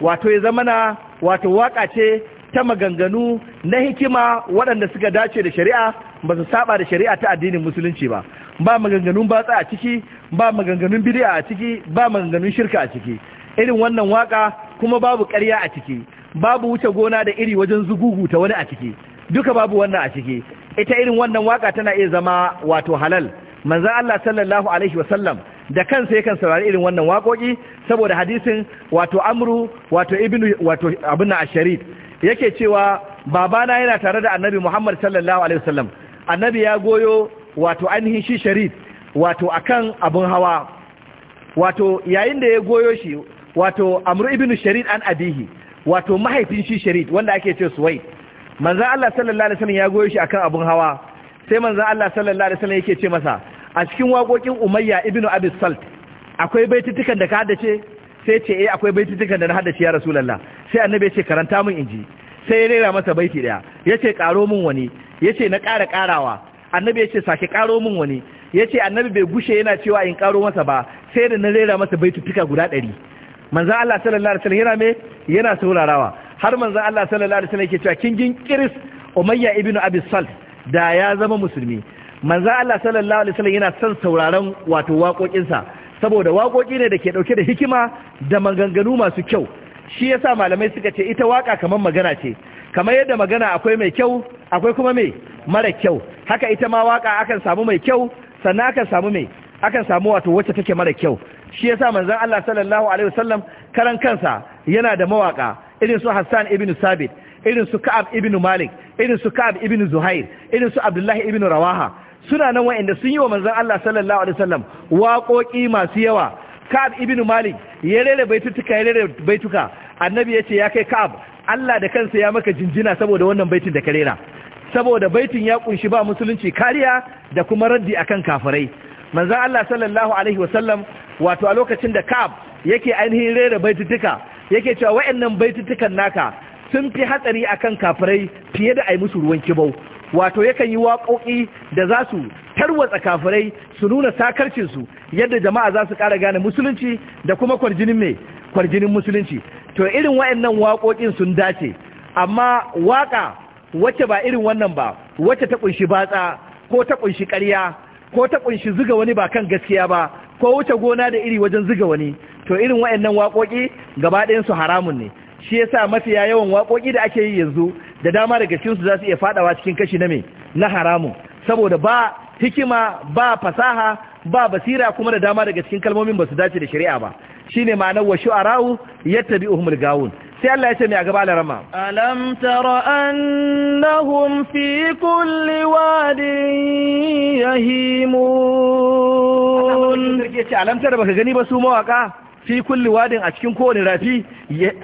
[SPEAKER 3] wato ya zamana wato waka ce ta maganganu na hikima waɗanda suka dace da shari'a ba su saba da shari'a ta addinin musulunci ba ba maganganun batsa a ciki ba maganganun bid'a a ciki ba maganganun shirka a ciki irin wannan waka kuma babu ƙarya a ciki babu wuce gona da iri wajen zugugu ta wani a ciki duka babu wannan a ciki ita irin wannan waka tana iya zama wato halal manzon Allah sallallahu alaihi wasallam da kansa yakan saurari irin wannan waƙoƙi saboda hadisin wato amru wato ibnu wato abuna asharid yake cewa babana yana tare da annabi Muhammad sallallahu alaihi wasallam annabi ya goyo wato ainihin shi sharif wato akan abin hawa wato yayin da ya goyo shi wato amru ibn sharif an abihi wato mahaifin shi sharif wanda ake ce suwai manzan Allah sallallahu alaihi wasallam ya goyo shi akan abin hawa sai manzan Allah sallallahu alaihi wasallam yake ce masa a cikin waƙoƙin umayya ibn abi salt akwai baitutukan da ka haddace sai ce eh akwai baitutukan da na haddace ya rasulullah sai annabi ya ce karanta min inji sai ya rera masa baiti daya yace karo min wani yace na ƙara ƙarawa annabi yace sake karo min wani yace annabi bai gushe yana cewa in karo masa ba sai da na rera masa tuka guda ɗari manzan Allah sallallahu alaihi wasallam yana me yana saurarawa har manzan Allah sallallahu alaihi wasallam yake cewa kingin kiris Umayya ibn Abi Salt da ya zama musulmi manzan Allah sallallahu alaihi wasallam yana son sauraron wato waƙoƙinsa saboda waƙoƙi ne da ke ɗauke da hikima da maganganu masu kyau shi yasa malamai suka ce ita waka kamar magana ce kamar yadda magana akwai mai kyau akwai kuma mai mara kyau haka ita ma waka akan samu mai kyau sannan akan samu mai akan samu wato wacce take mara kyau shi yasa manzon Allah sallallahu alaihi wasallam karan kansa yana da mawaka irin su Hassan ibn Sabit irin su Ka'ab ibn Malik irin su Ka'ab ibn Zuhair irin su Abdullah ibn Rawaha suna nan wa'anda sun yi wa manzon Allah sallallahu alaihi wasallam waƙoƙi masu yawa Ka'ab ibn Malik ya rere baitutuka ya rere baituka annabi ya ce ya kai ka'ab Allah da kansa ya maka jinjina saboda wannan baitin da karera saboda baitin ya kunshi ba musulunci kariya da kuma raddi akan kafirai manzon Allah sallallahu alaihi wasallam wato a lokacin da ka'ab yake ainihin rera baitutuka yake cewa wayannan baitutukan naka sun fi hatsari akan kafirai fiye da ai musu ruwan kibau wato yakan yi waƙoƙi da za su tarwatsa kafirai su nuna sakarcinsu yadda jama'a za su ƙara gane musulunci da kuma kwarjinin mai kwarjinin musulunci to irin waɗannan waƙoƙin sun dace amma waƙa wacce ba irin wannan ba wacce ta ƙunshi batsa ko ta ƙunshi ƙarya ko ta ƙunshi zuga wani ba kan gaskiya ba ko wuce gona da iri wajen zuga wani to irin waɗannan waƙoƙi gaba ɗayansu haramun ne shi yasa mafiya yawan waƙoƙi da ake yi yanzu da dama daga cikinsu za su iya faɗawa cikin kashi na me na haramun saboda ba hikima ba fasaha ba basira kuma da dama daga cikin kalmomin ba su dace da shari'a ba shine ma'anar wa bi yattabi'uhumul gawun sai Allah ya ce mai a gaba da rama.
[SPEAKER 2] Alam tara annahum fi kulli wadin ya
[SPEAKER 3] ce alam tara baka gani ba su mawaka fi kulli wadin a cikin kowane rafi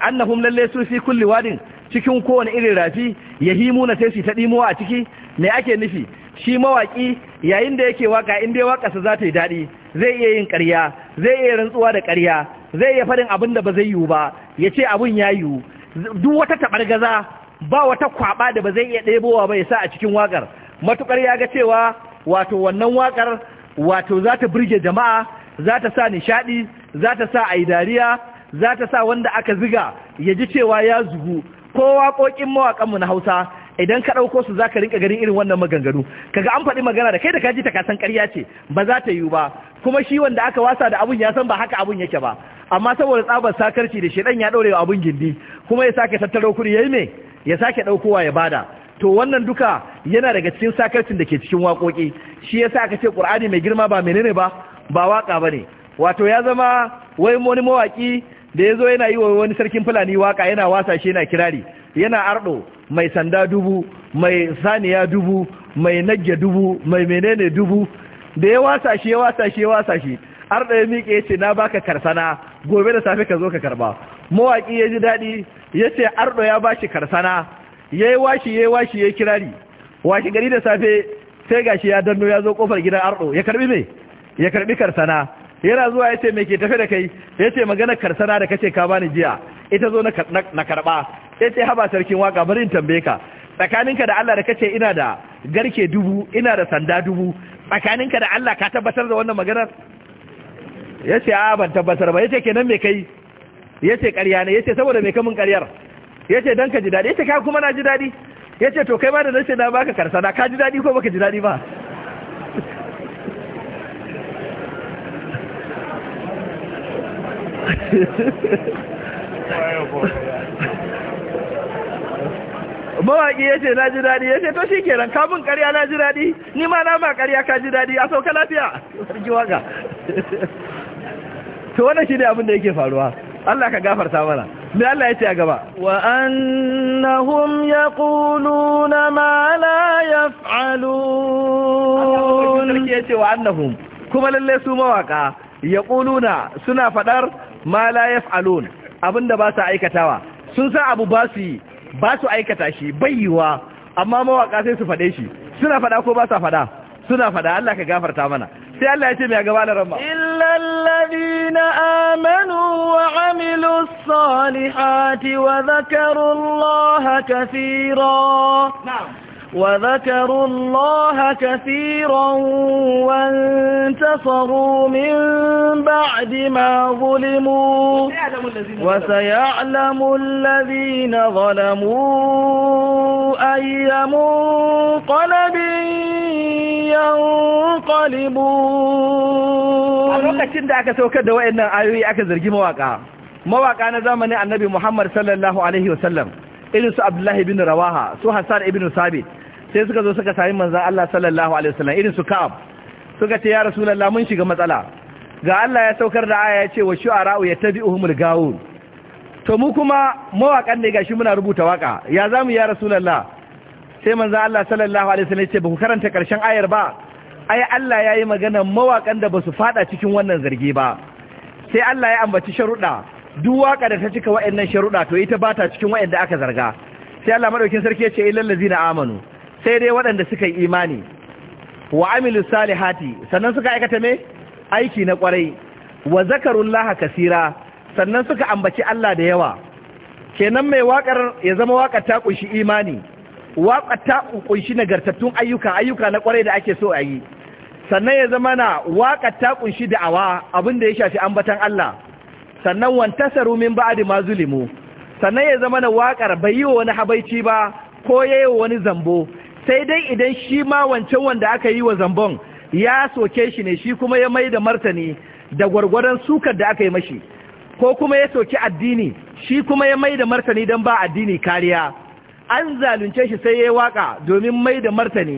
[SPEAKER 3] annahum lalle su fi kulli wadin cikin kowane irin rafi yahimuna sai su ta dimo a ciki me ake nufi shi mawaki yayin da yake waka in ya wakasa za ta yi daɗi zai iya yin ƙarya zai iya rantsuwa da ƙarya zai iya faɗin abin da ba zai yiwu ba ya ce abin ya yiwu duk wata taɓar gaza ba wata kwaɓa da ba zai iya ɗebowa ba ya sa a cikin waƙar matuƙar ya ga cewa wato wannan waƙar wato za ta birge jama'a za ta sa nishaɗi za ta sa a yi dariya za ta sa wanda aka ziga ya ji cewa ya zugu ko waƙoƙin mawaƙanmu na hausa idan ka ɗauko su za ka rinka ganin irin wannan maganganu kaga an faɗi magana da kai da kaji ta kasan ƙarya ce ba za ta yiwu ba kuma shi wanda aka wasa da abun ya san ba haka abun yake ba amma saboda tsabar sakarci da shedan ya ɗaure abun gindi kuma ya sake tattaro kuɗi yayi me ya sake ɗaukowa ya bada to wannan duka yana daga cikin sakarcin da ke cikin waƙoƙi shi ya sa aka ce Ƙur'ani mai girma ba menene ba ba waka ne. wato ya zama wai wani mawaƙi da ya zo yana yi wa wani sarkin fulani waka yana wasa shi yana kirari yana ardo mai sanda dubu mai saniya dubu mai nagge dubu mai menene dubu da ya wasa shi ya wasa shi ya wasa shi har da ya miƙe ya ce na baka karsana gobe da safe ka zo ka karba mawaƙi ya ji daɗi ya ce arɗo ya ba shi karsana ya yi washi ya yi washi ya yi kirari washi gari da safe sai gashi ya danno ya zo kofar gidan arɗo ya karbi me ya karbi karsana yana zuwa ya ce mai ke tafe da kai ya ce magana karsana da kace ka bani jiya ita zo na karɓa sai sai haba sarkin waka bari in tambaye ka tsakaninka da Allah da kace ina da garke dubu ina da sanda dubu tsakaninka da Allah ka tabbatar da wannan maganar yace a ban tabbatar ba yace kenan me kai yace ƙarya ne yace saboda me kamun ƙaryar yace dan ka ji daɗi yace ce ka kuma na ji daɗi yace to kai ma da nace na baka karsana ka ji daɗi ko baka ji daɗi ba
[SPEAKER 1] Well, boy, yeah.
[SPEAKER 2] Mawaki ya ce na ji daɗi ya
[SPEAKER 3] ce to shi ke kenan kamun ƙarya na ji daɗi ni ma na ma ƙarya ka ji daɗi a sauka lafiya sarki waka to wannan shi ne abin da yake faruwa Allah ka gafarta mana
[SPEAKER 4] mai Allah ya ce a gaba
[SPEAKER 2] wa annahum na ma la ya ce wa annahum kuma
[SPEAKER 3] lalle su mawaka yaquluna suna faɗar ma la abin abinda ba sa aikatawa sun sa abu ba su yi ba su aikata shi baiwa amma mawaka sai su faɗe shi suna faɗa ko ba su faɗa suna faɗa Allah ka gafarta mana sai Allah ya ce mai
[SPEAKER 2] gaba da ramma illal ladina amanu wa amilus salihati wa zakarullaha kaseera na'am وذكروا الله كثيرا وانتصروا من بعد ما ظلموا وسيعلم الذين ظلموا أي منقلب ينقلبون a lokacin
[SPEAKER 3] da aka saukar da wayannan ayoyi aka zargi mawaƙa mawaƙa na zamanin annabi Muhammad sallallahu alaihi wasallam irin su Abdullahi bin Rawaha su Hassan ibn Sabit sai suka zo suka sami manzan Allah sallallahu alaihi wasallam irin su ka'ab suka ce ya rasulullah mun shiga matsala ga Allah ya saukar da aya ya ce wa shu'ara'u yattabi'uhumul gawun to mu kuma mawakan ne gashi muna rubuta waka ya zamu ya rasulullah sai manzan Allah sallallahu alaihi wasallam ce ba ku karanta karshen ayar ba ai Allah ya yi magana mawakan da ba su fada cikin wannan zargi ba sai Allah ya ambaci sharuɗa duk waka da ta cika wa'annan sharuɗa to ita ba ta cikin waɗanda aka zarga sai Allah madaukin sarki ya ce illal ladzina amanu sai dai waɗanda suka yi imani wa amilu salihati sannan suka aikata me aiki na kwarai wa zakarullaha kasira sannan suka ambaci Allah da yawa kenan mai wakar ya zama wakar ta kunshi imani wakar ta kunshi nagartattun ayyuka ayyuka na kwarai da ake so a yi sannan ya zama na wakar ta kunshi da'awa abin da ya shafi ambatan Allah sannan wantasaru min ba'di ma zulimu sannan ya zama na wakar bai yi wa wani habaici ba ko yayi wani zambo sai dai idan shi ma wancan wanda aka yi wa zambon ya soke shi ne shi kuma ya mai da martani da gwargwaron sukar da aka yi mashi ko kuma ya soke addini shi kuma ya mai da martani don ba addini kariya an zalunce shi sai ya yi waka domin mai da martani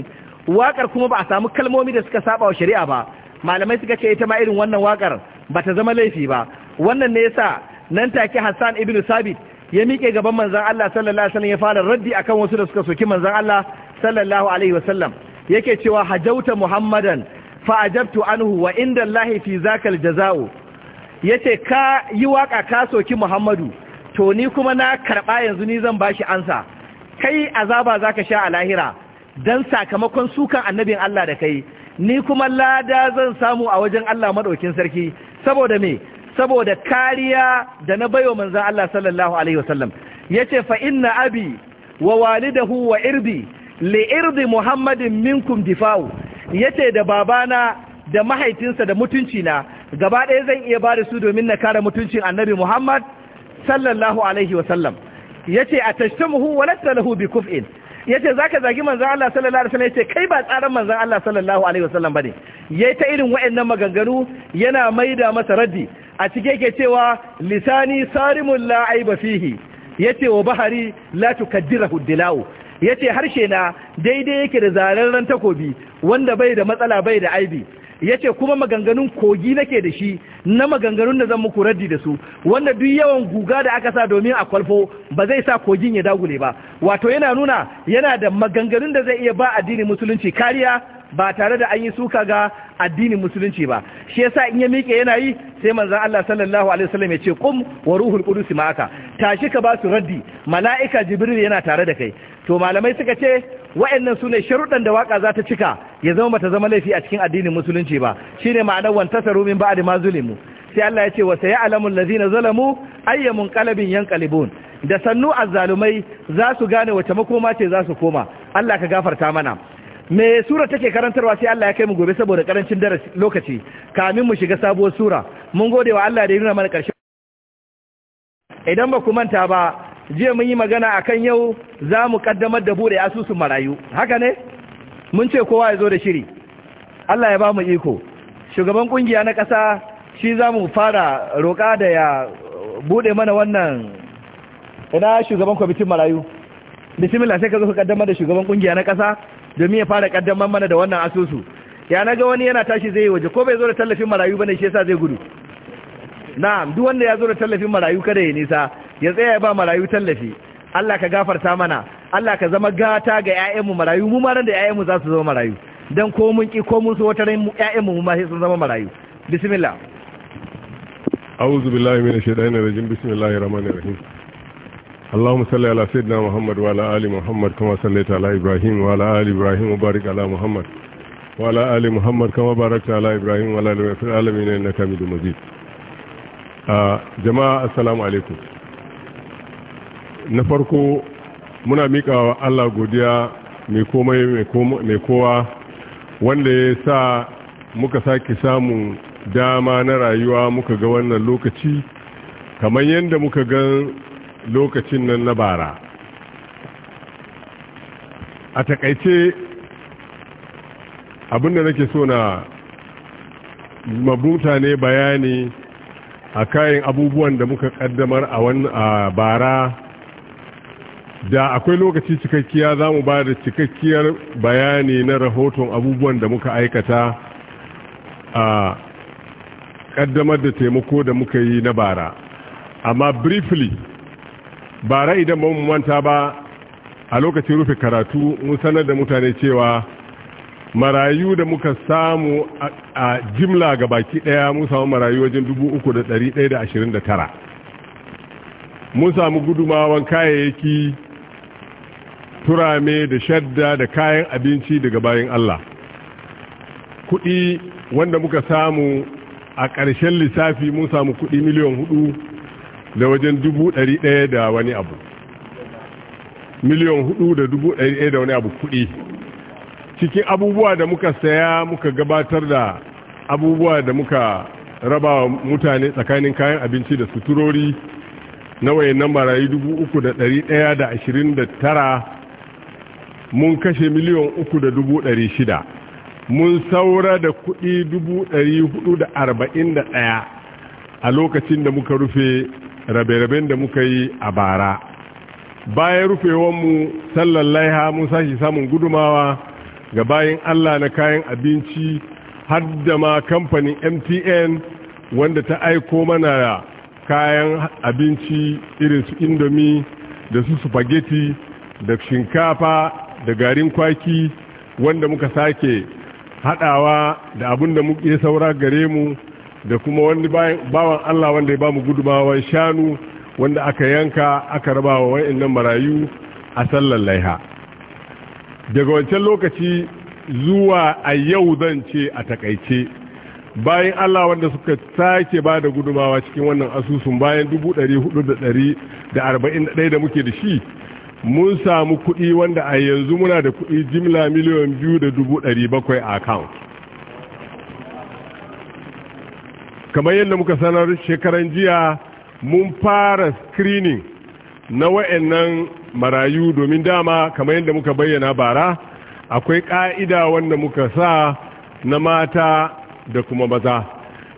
[SPEAKER 3] wakar kuma ba a samu kalmomi da suka saba wa shari'a ba malamai suka ce ita ma irin wannan wakar ba ta zama laifi ba wannan ne yasa nan take Hassan ibn Sabit ya miƙe gaban manzon Allah sallallahu alaihi wasallam ya fara raddi akan wasu da suka soki manzon Allah sallallahu alaihi wasallam yake cewa hajauta muhammadan fa'ajabtu anhu wa inda lahi fi zakal jaza'u yace ka yi waka ka soki muhammadu to ni kuma na karɓa yanzu ni zan bashi ansa kai azaba zaka sha a lahira dan sakamakon sukan annabin Allah da kai ni kuma lada zan samu a wajen Allah madaukin sarki saboda me saboda kariya da na baiwa manzon Allah sallallahu alaihi wasallam yace fa inna abi wa walidahu wa irbi li'irdi muhammadin minkum difa'u yace da babana da mahaifinsa da mutunci na gaba ɗaya zan iya bada su domin na kare mutuncin annabi muhammad sallallahu alaihi wasallam yace a tashtamuhu walatta lahu bi kuf'in yace zaka zagi manzon Allah sallallahu alaihi wasallam yace kai ba tsaran manzon Allah sallallahu alaihi wasallam bane yayi ta irin waɗannan maganganu yana maida masa raddi a cike yake cewa lisani sarimul la fihi yace wa bahari la tukaddirahu dilau ya ce harshe na daidai yake da zararren takobi wanda bai da matsala bai da aibi ya ce kuma maganganun kogi nake da shi na maganganun da zan muku raddi da su wanda duk yawan guga da aka sa domin a kwalfo ba zai sa kogin ya dagule ba wato yana nuna yana da maganganun da zai iya ba addinin musulunci kariya ba tare da an yi suka ga addinin musulunci ba shi yasa in ya miƙe yana yi sai manzon Allah sallallahu alaihi wasallam ya ce qum wa ruhul qudus ma'aka tashi ka ba su raddi mala'ika jibril yana tare da kai to malamai suka ce wa'annan su ne sharuɗan da waƙa za ta cika ya zama bata zama laifi a cikin addinin musulunci ba Shi ne ma'anar wantasaru min ba da zulimu sai Allah ya ce wasa alamun lazi na zalamu ayyamun yan kalibun da sannu azzalumai za su gane wace makoma ce za su koma Allah ka gafarta mana me sura take karantarwa sai Allah ya kai mu gobe saboda karancin darasi lokaci kamin mu shiga sabuwar sura mun gode wa Allah da ya nuna mana ƙarshen idan ba ku manta ba jiya mun yi magana akan yau za mu kaddamar da bude asusun marayu haka ne mun ce kowa ya zo da shiri Allah ya ba mu iko shugaban kungiya na ƙasa shi za mu fara roƙa da ya bude mana wannan ina shugaban kwamitin marayu bismillah sai ka zo ka kaddamar da shugaban kungiya na ƙasa domin ya fara kaddamar mana da wannan asusu ya na ga wani yana tashi zai waje ko bai zo da tallafin marayu bane shi yasa zai gudu na'am duk wanda ya zo da tallafin marayu kada ya nisa ya tsaya ya ba marayu tallafi Allah ka gafarta mana Allah ka zama gata ga ƴaƴanmu marayu mu ma ran da ƴaƴanmu za su zama marayu dan ko mun ki ko mun so wata ran ƴaƴanmu mu ma sai su zama marayu
[SPEAKER 5] bismillah a'udhu billahi minash shaitanir rajim bismillahir rahmanir rahim اللهم صل على سيدنا محمد وعلى ال محمد كما صليت على ابراهيم وعلى ال ابراهيم وبارك على محمد وعلى ال محمد كما باركت على ابراهيم وعلى ال العالمين انك حميد مجيد آه جماعه السلام عليكم na farko muna miƙa wa Allah godiya mai komai mai kowa wanda ya sa muka sake samun dama na rayuwa muka ga wannan lokaci kamar yadda muka gan lokacin nan na bara a takaice abinda nake so na mabuta ne bayani a kayan abubuwan da muka kaddamar a bara da akwai lokaci cikakkiya za mu ba da cikakkiyar bayani na rahoton abubuwan da muka aikata a ƙaddamar da taimako da muka yi na bara amma briefly bara idan ba mu manta ba a lokacin rufe karatu mun sanar da mutane cewa marayu da muka samu a jimla ga baki daya mun samu marayu wajen 3,129 mun samu gudumawan kayayyaki turame da shadda da kayan abinci daga bayan Allah kuɗi wanda muka samu a ƙarshen lissafi mun samu kuɗi miliyan hudu da wajen dubu ɗari ɗaya da wani abu miliyan hudu da dubu ɗari ɗaya da wani abu kuɗi cikin abubuwa da muka saya muka gabatar da abubuwa da muka raba mutane tsakanin kayan abinci da suturori na wayannan marayu dubu uku da ɗari ɗaya da ashirin da tara mun kashe miliyan uku da dubu ɗari shida mun saura da kuɗi dubu ɗari hudu da arba'in da ɗaya a lokacin da muka rufe rabe-raben da muka yi a bara bayan rufewanmu sallan laiha mun sashi samun gudumawa ga bayan allah na kayan abinci har ma kamfanin mtn wanda ta aiko mana kayan abinci irin su indomi da su spaghetti da shinkafa da garin kwaki wanda muka sake haɗawa da abin da muke saura gare mu da kuma wani bawan Allah wanda ya ba mu gudumawa shanu wanda aka yanka aka raba wa wa'annan marayu a sallar laiha daga wancan lokaci zuwa a yau zan ce a takaice bayan Allah wanda suka sake ba da gudumawa cikin wannan asusun bayan 441 da muke da shi mun samu kuɗi wanda a yanzu muna da kuɗi jimla miliyan biyu da dubu ɗari bakwai a account kamar yadda muka sanar shekaran jiya mun fara screening na wa'annan marayu domin dama kamar yadda muka bayyana bara akwai ƙa'ida wanda muka sa na mata da kuma maza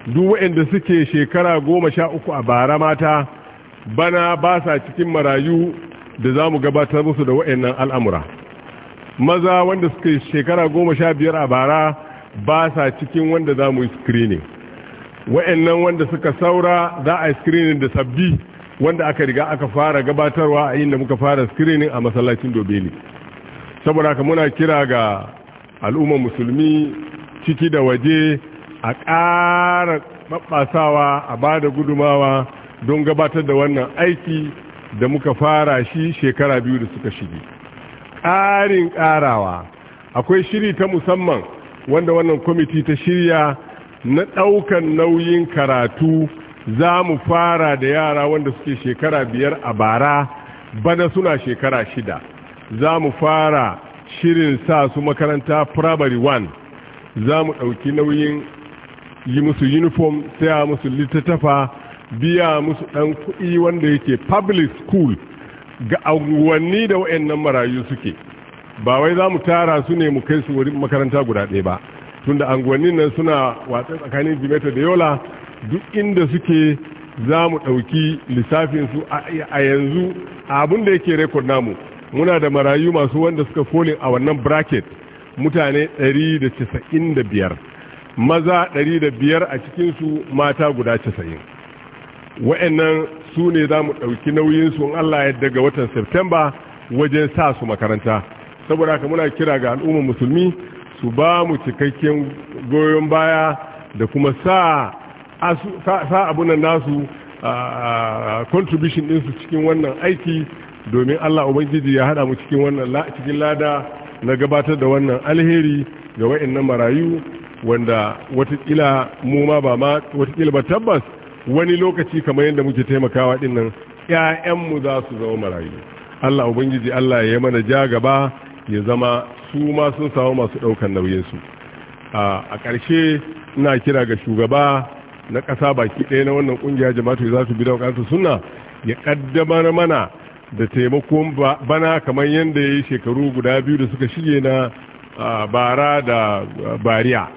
[SPEAKER 5] duk wa'anda suke shekara goma sha uku a bara mata bana ba sa cikin marayu da za mu gabatar musu da wa'annan al'amura maza wanda suka yi shekara goma sha biyar a bara ba sa cikin wanda za mu yi screening wa'annan wanda suka saura za a yi screening da sabbi wanda aka riga aka fara gabatarwa a inda muka fara screening a masallacin dobeli saboda haka muna kira ga al'ummar musulmi ciki da waje a ƙara ɓaɓɓasawa a ba da gudumawa don gabatar da wannan aiki da muka fara shi shekara biyu da suka shige ƙarin ƙarawa akwai shiri ta musamman wanda wannan kwamiti ta shirya na ɗaukan nauyin karatu za mu fara da yara wanda suke shekara biyar a bara bana suna shekara shida za mu fara shirin sa su makaranta primary one za mu ɗauki nauyin yi musu uniform sai musu littattafa biya musu ɗan kuɗi wanda yake public school ga anguwanni da waɗannan marayu suke ba wai za mu tara su ne mu kai su makaranta guda ɗaya ba tunda anguwannin nan suna watsa tsakanin jimeta da yola duk inda suke za mu ɗauki lissafinsu a yanzu abin da yake rekod namu muna da marayu masu wanda suka folin a wannan bracket mutane 195 maza biyar a cikinsu mata guda 90 wa'annan su ne za mu ɗauki nauyinsu in Allah ya daga watan Septemba wajen sa su makaranta saboda haka muna kira ga al'ummar musulmi su ba mu cikakken goyon baya da kuma sa abunan nasu contribution ɗinsu cikin wannan aiki domin Allah Ubangiji ya haɗa mu cikin wannan cikin lada na gabatar da wannan alheri ga wa'annan marayu wanda watakila mu ma ba ma watakila ba tabbas wani lokaci kamar yadda muke taimakawa din nan ƴaƴanmu za su zama marayu Allah ubangiji Allah ya mana ja gaba ya zama su ma sun samu masu ɗaukar nauyinsu a ƙarshe ina kira ga shugaba na ƙasa baki ɗaya na wannan ƙungiya jama'a za su bi da ƙasa suna ya ƙaddamar mana da taimakon bana kamar yadda ya yi shekaru guda biyu da suka shige na bara da bariya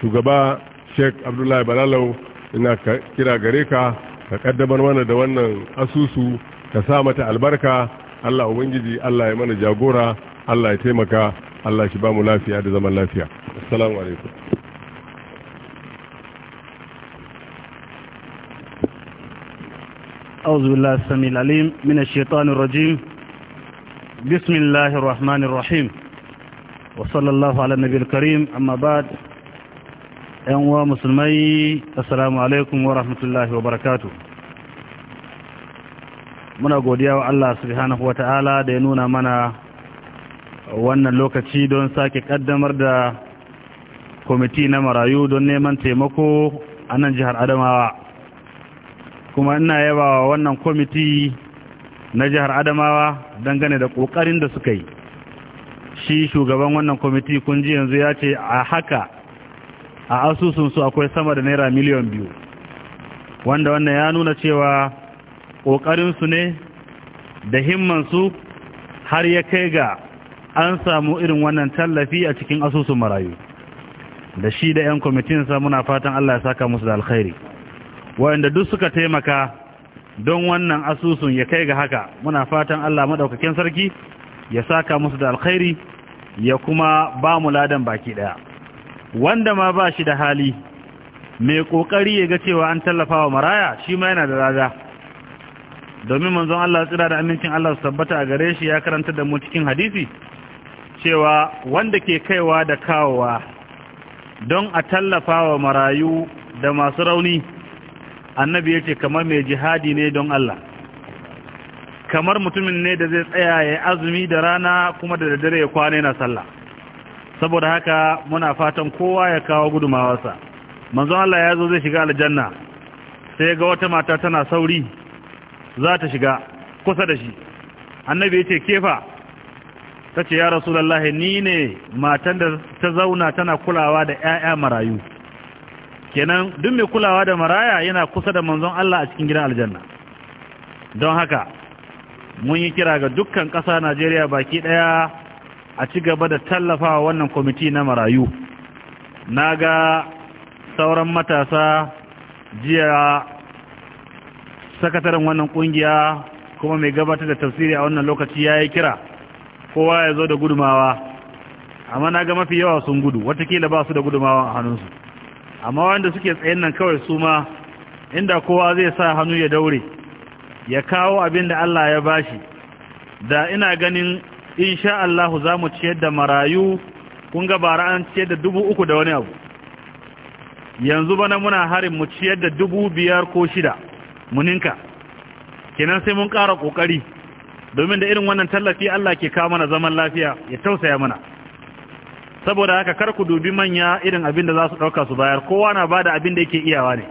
[SPEAKER 5] shugaba sheik abdullahi balalau ina kira gare ka ka kaddamar mana da wannan asusu ka sa mata albarka Allah ubangiji Allah ya mana jagora Allah ya taimaka Allah shi ba mu lafiya da zaman lafiya assalamu alaikum أعوذ
[SPEAKER 4] بالله السميع العليم من الشيطان الرجيم بسم الله الرحمن الرحيم وصلى الله على النبي الكريم أما بعد 'yan uwa musulmai assalamu alaikum wa rahmatullahi wa barakatu muna godiya wa Allah subhanahu wa ta'ala da ya nuna mana wannan lokaci don sake kaddamar da kwamiti na marayu don neman taimako a nan jihar adamawa kuma ina yaba wa wannan kwamiti na jihar adamawa dangane da ƙoƙarin da suka yi shi shugaban wannan kwamiti kun ji yanzu ya ce a haka a asusunsu akwai sama da naira miliyan biyu wanda wannan ya nuna cewa ƙoƙarinsu ne da himman su har ya kai ga an samu irin wannan tallafi a cikin asusun marayu da shi da 'yan kwamitinsa muna fatan Allah ya saka musu da alkhairi wanda duk suka taimaka don wannan asusun ya kai ga haka muna fatan Allah maɗaukakin sarki ya saka musu da alkhairi ya kuma ba mu ladan baki ɗaya wanda ma ba shi da hali mai kokari ya ga cewa an tallafa wa maraya shi ma yana da raza domin manzon Allah tsira da amincin Allah su tabbata a gare shi ya karanta da mu cikin hadisi cewa wanda ke kaiwa da kawowa don a tallafa wa marayu da masu rauni annabi ya ce kamar mai jihadi ne don Allah kamar mutumin ne da zai tsaya ya azumi da rana kuma da daddare ya kwana na sallah saboda haka muna fatan kowa ya kawo gudumawarsa manzon Allah ya zo zai shiga aljanna sai ga wata mata tana sauri za ta shiga kusa da shi annabi ya ce kefa ta ce ya rasulallah ni ne matan da ta zauna tana kulawa da 'ya'ya marayu kenan duk mai kulawa da maraya yana kusa da manzon Allah a cikin gidan aljanna don haka mun yi kira ga dukkan ƙasa Najeriya baki ɗaya a ci gaba da tallafawa wannan kwamiti na marayu na ga sauran matasa jiya sakataren wannan kungiya kuma mai gabatar da tafsiri a wannan lokaci ya yi kira kowa ya zo da gudumawa amma na ga mafi yawa sun gudu watakila ba su da gudumawa a hannunsu amma wanda suke tsayin nan kawai su ma inda kowa zai sa hannu ya daure ya kawo abin da Allah ya bashi da ina ganin insha Allah za mu ciyar da marayu kun ga bara an ciyar da dubu uku da wani abu yanzu bana muna harin mu ciyar da dubu biyar ko shida muninka kenan sai mun ƙara ƙoƙari domin da irin wannan tallafi Allah ke kawo mana zaman lafiya ya tausaya mana saboda haka kar ku dubi manya irin abin da za su ɗauka su bayar kowa na bada abin da yake iyawa ne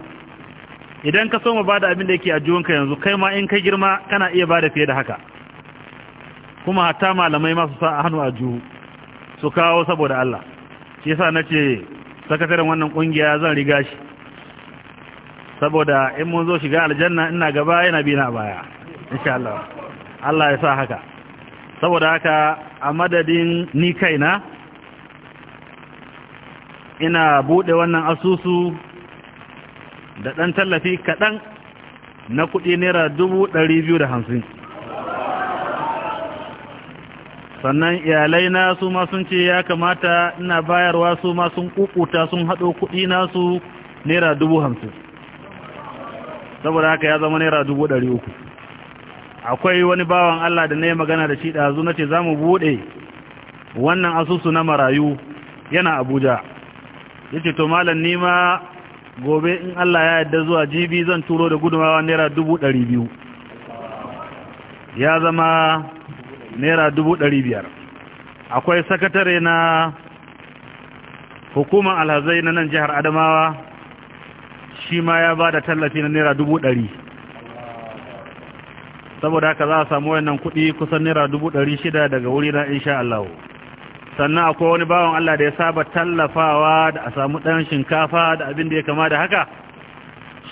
[SPEAKER 4] idan ka so mu bada abin da yake a juwanka yanzu kai ma in ka girma kana iya bada fiye da haka kuma hatta malamai masu sa hannu a juhu su kawo saboda Allah shi yasa nace sakataren wannan kungiya zan riga shi saboda in mun zo shiga aljanna ina gaba yana bi na baya insha Allah Allah ya sa haka saboda haka a madadin ni kaina ina bude wannan asusu da dan tallafi kadan na kudi naira 250 sannan iyalai na su ma sun ce ya kamata ina bayarwa su ma sun kukuta sun haɗo kuɗi su naira dubu hamsin saboda haka ya zama naira dubu ɗari uku akwai wani bawan Allah da na yi magana da shi ɗazu na ce za mu buɗe wannan asusu na marayu yana abuja ya ce to malam nima gobe in Allah ya yadda zuwa jibi zan turo da gudunmawa naira dubu ɗari biyu ya zama naira dubu ɗari biyar akwai sakatare na hukumar alhazai na nan jihar adamawa shi ma ya ba da tallafi na naira dubu ɗari saboda haka za a samu wannan kuɗi kusan naira dubu ɗari shida daga wuri na insha Allah sannan akwai wani bawan Allah da ya saba tallafawa da a samu ɗan shinkafa da abin da ya kama da haka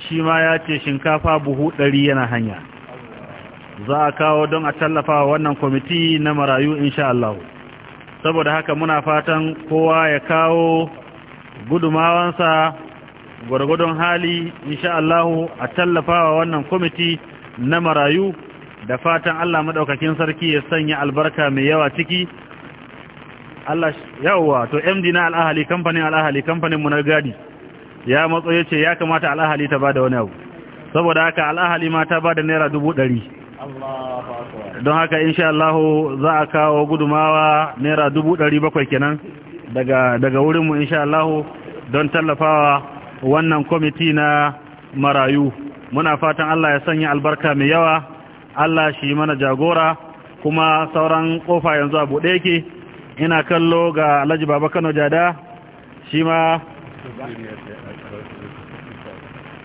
[SPEAKER 4] shi ma ya ce shinkafa buhu ɗari yana hanya za a kawo don a tallafa wannan kwamiti na marayu insha Allah saboda haka muna fatan kowa ya kawo gudumawansa gwargwadon hali insha Allah a tallafawa wannan kwamiti na marayu da fatan Allah maɗaukakin sarki ya sanya albarka mai yawa ciki Allah yawwa to MD na al'ahali kamfanin al'ahali kamfanin mu na gadi ya matso ce ya kamata al'ahali ta ba da wani abu saboda haka al'ahali ma ta da naira dubu ɗari don haka insha Allah za a kawo gudumawa naira dubu ɗari bakwai kenan daga daga wurinmu insha Allah don tallafawa wannan kwamiti na marayu muna fatan Allah ya sanya albarka mai yawa Allah shi mana jagora kuma sauran kofa yanzu a buɗe yake ina kallo ga Alhaji Baba Kano Jada shi ma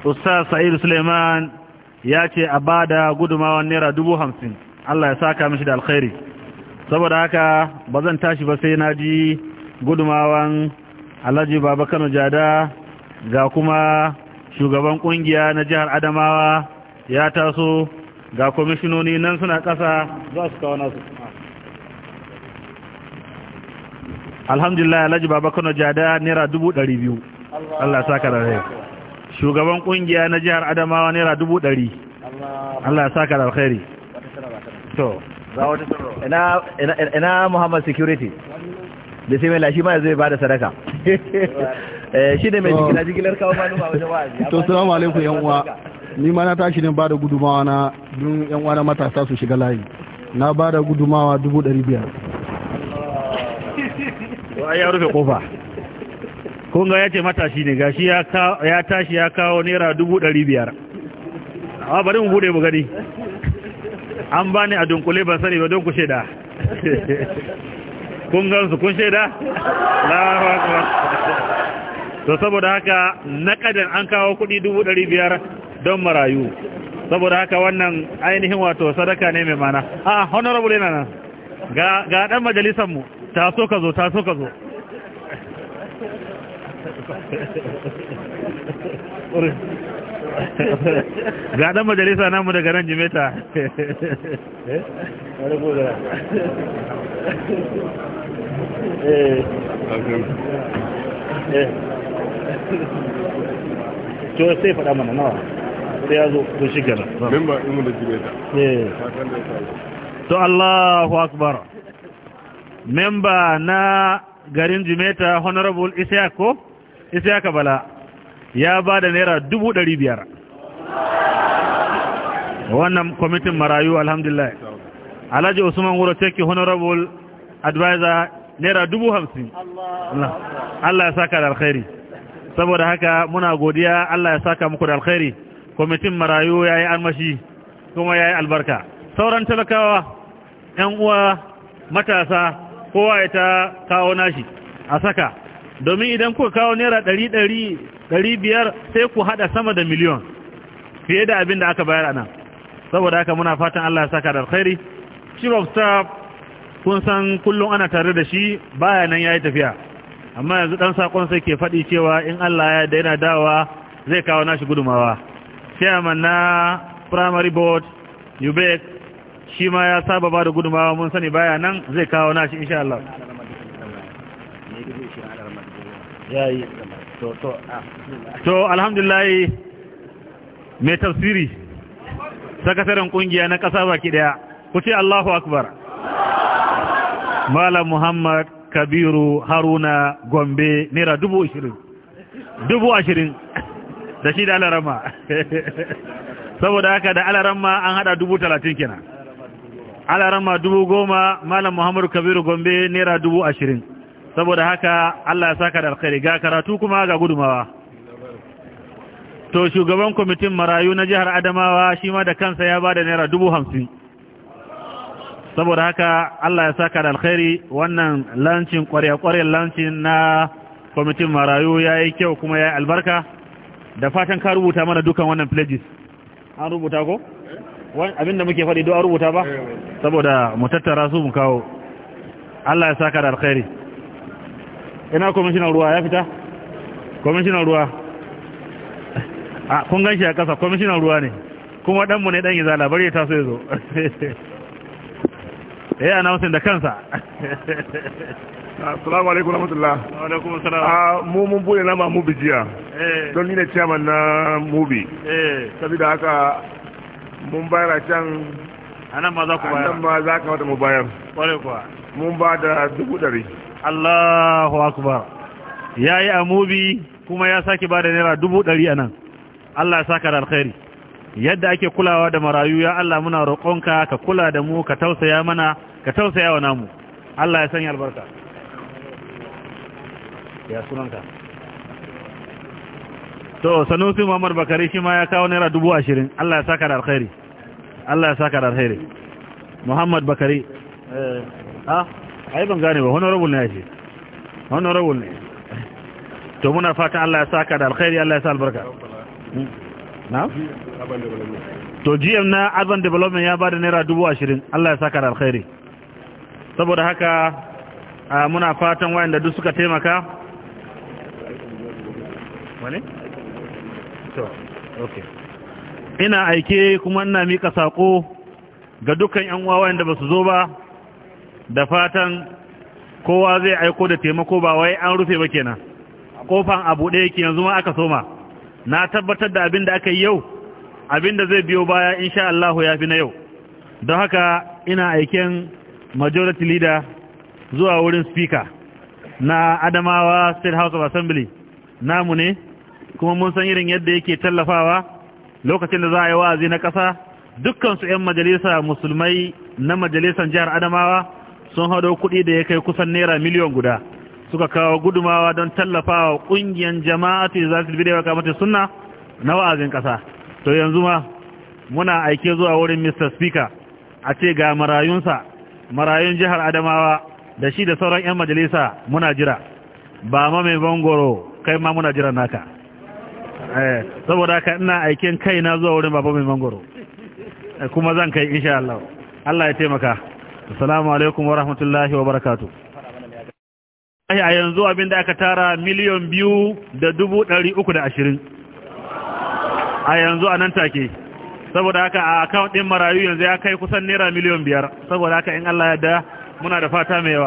[SPEAKER 4] Ustaz Sa'id Suleiman ya ce a ba da gudunmawar naira dubu hamsin Allah ya saka mishi da alkhairi saboda haka ba zan tashi ba sai na ji gudumawan alhaji baba kano jada ga kuma shugaban kungiya na jihar adamawa ya taso ga kwamishinoni nan suna ƙasa za su kawo nasu alhamdulillah alhaji baba kano jada naira dubu ɗari biyu Allah ya saka da rai shugaban kungiya na jihar adamawa naira dubu ɗari Allah ya saka da alkhairi so ina Muhammad security
[SPEAKER 3] da sai mai lashi ma zai bada sadaka eh, shi ne mai jigila jigilar kawo manu ba wajen wa'azi to salamu alaikum yan uwa
[SPEAKER 4] ni ma na tashi ne bada gudumawa na dun yan uwa na matasa su shiga layi na bada gudumawa dubu ɗari biyar. Wa ya rufe kofa. kun ga ya ce matashi ne gashi ya tashi ya kawo naira dubu ɗari biyar a bari mu bude mu gani an ba ni a dunkule ban sani ba don ku shaida kun gansu kun shaida
[SPEAKER 1] lafa haka
[SPEAKER 4] to saboda haka na kadan an kawo kuɗi dubu ɗari biyar don marayu saboda haka wannan ainihin wato sadaka ne mai mana a honorable yana nan ga ɗan majalisanmu ta so ka zo ta so ka zo ga dan majalisa namu daga nan jimeta
[SPEAKER 1] to sai faɗa to memba eh.
[SPEAKER 4] Allahu akbar memba na garin jimeta honorable isa ko isa aka bala ya ba da naira dubu ɗari biyar wannan kwamitin marayu alhamdulillah alhaji usman wuro teki honorable advisor naira dubu hamsin Allah ya saka da alkhairi saboda haka muna godiya Allah ya saka muku da alkhairi kwamitin marayu ya yi armashi kuma ya yi albarka sauran talakawa ‘yan uwa matasa kowa ya ta kawo nashi a saka domin idan kuka kawo naira ɗari ɗari biyar sai ku haɗa sama da miliyon fiye da abin da aka bayar a saboda haka muna fatan Allah ya saka da alkhairi chief of staff kun san kullum ana tare da shi baya nan ya yi tafiya amma yanzu dan sakon sai ke faɗi cewa in Allah ya daina dawa zai kawo nashi gudumawa chairman na primary board UBEC shi ma ya saba ba da gudumawa mun sani baya nan zai kawo nashi insha Allah yayi
[SPEAKER 1] to to ah. to
[SPEAKER 4] alhamdulillah mai tafsiri sakataren kungiya na kasa baki daya ce Allahu akbar Malam Muhammad Kabiru Haruna Gombe naira dubu ashirin dubu ashirin da shi da alarama saboda haka da alarama an hada dubu talatin kenan alarama dubu goma Malam Muhammad Kabiru Gombe naira dubu ashirin saboda haka Allah ya saka da alkhairi ga karatu kuma ga gudumawa to shugaban kwamitin marayu na jihar Adamawa shi ma da kansa ya bada naira dubu hamsin saboda haka Allah ya saka da alkhairi wannan lancin kwarya-kwaryar lancin na kwamitin marayu ya yi kyau kuma ya yi albarka da fatan ka rubuta mana dukan wannan pledges an rubuta ko? abinda muke faɗi do an rubuta ba? Eh, eh. saboda mu tattara su mu kawo Allah ya saka da alkhairi ina kwamishinan ruwa ya fita kwamishinan ruwa a kun gan shi a ƙasa kwamishinan ruwa ne kuma ɗanmu ne ɗan izala bari ya taso ya zo ya yi announcing da kansa
[SPEAKER 5] assalamu alaikum rahmatullah wa alaikum assalam mu mun bude lama mu bijiya eh. don ni ne chairman na mubi eh saboda haka mun bayar can
[SPEAKER 4] anan ma za ku bayar anan ma za ka wata mu bayar kwarai kuwa mun ba da dubu ɗari Allahu akbar ya yi amubi kuma ya sake ba da naira dubu ɗari a Allah ya saka da alkhairi yadda ake kulawa da marayu ya Allah muna roƙonka ka kula da mu ka tausaya mana ka tausaya wa namu Allah ya sanya albarka ya sunanka to sanusi muhammad bakari shi ma ya kawo naira dubu ashirin Allah ya saka da alkhairi Allah ya saka da alkhairi muhammad bakari eh ah ai ban gane ba honorable ne yake honorable ne to muna fatan Allah ya saka da alkhairi Allah ya sa albarka hmm? na to GM na urban development ya bada naira dubu ashirin Allah ya saka da alkhairi saboda haka muna fatan wayanda duk suka taimaka
[SPEAKER 1] wani? to okay
[SPEAKER 4] ina aike kuma ina mika sako ga dukkan yan uwa wayanda ba su zo ba da fatan kowa zai aiko da taimako ba wai an rufe ba kenan kofan abu ɗaya yake yanzu ma aka soma na tabbatar da abin da aka yi yau abin da zai biyo baya insha Allah ya fi na yau don haka ina aiken majority leader zuwa wurin speaker na Adamawa State House of Assembly namu ne kuma mun san irin yadda yake tallafawa lokacin da za a yi wa'azi na ƙasa dukkan 'yan majalisa musulmai na majalisar jihar Adamawa sun hado kuɗi da ya kai kusan naira miliyon guda suka kawo gudumawa don tallafawa ƙungiyar jama'atu za su bidewa kamata sunna na wa'azin ƙasa to yanzu ma muna aike zuwa wurin mr speaker a ce ga marayunsa marayun jihar adamawa da shi da sauran 'yan majalisa muna jira ba ma mai bangoro kai ma muna jira naka eh, saboda ka ina aikin kaina zuwa wurin baba mai mangoro eh, kuma zan kai insha Allah Allah ya taimaka assalamu alaikum wa rahmatullahi wa barakatu a yanzu abin da aka tara miliyan biyu da dubu ɗari uku da ashirin a yanzu a nan take saboda haka a akawun ɗin marayu yanzu ya kai kusan naira miliyon biyar saboda haka in Allah ya da muna da fata mai yawa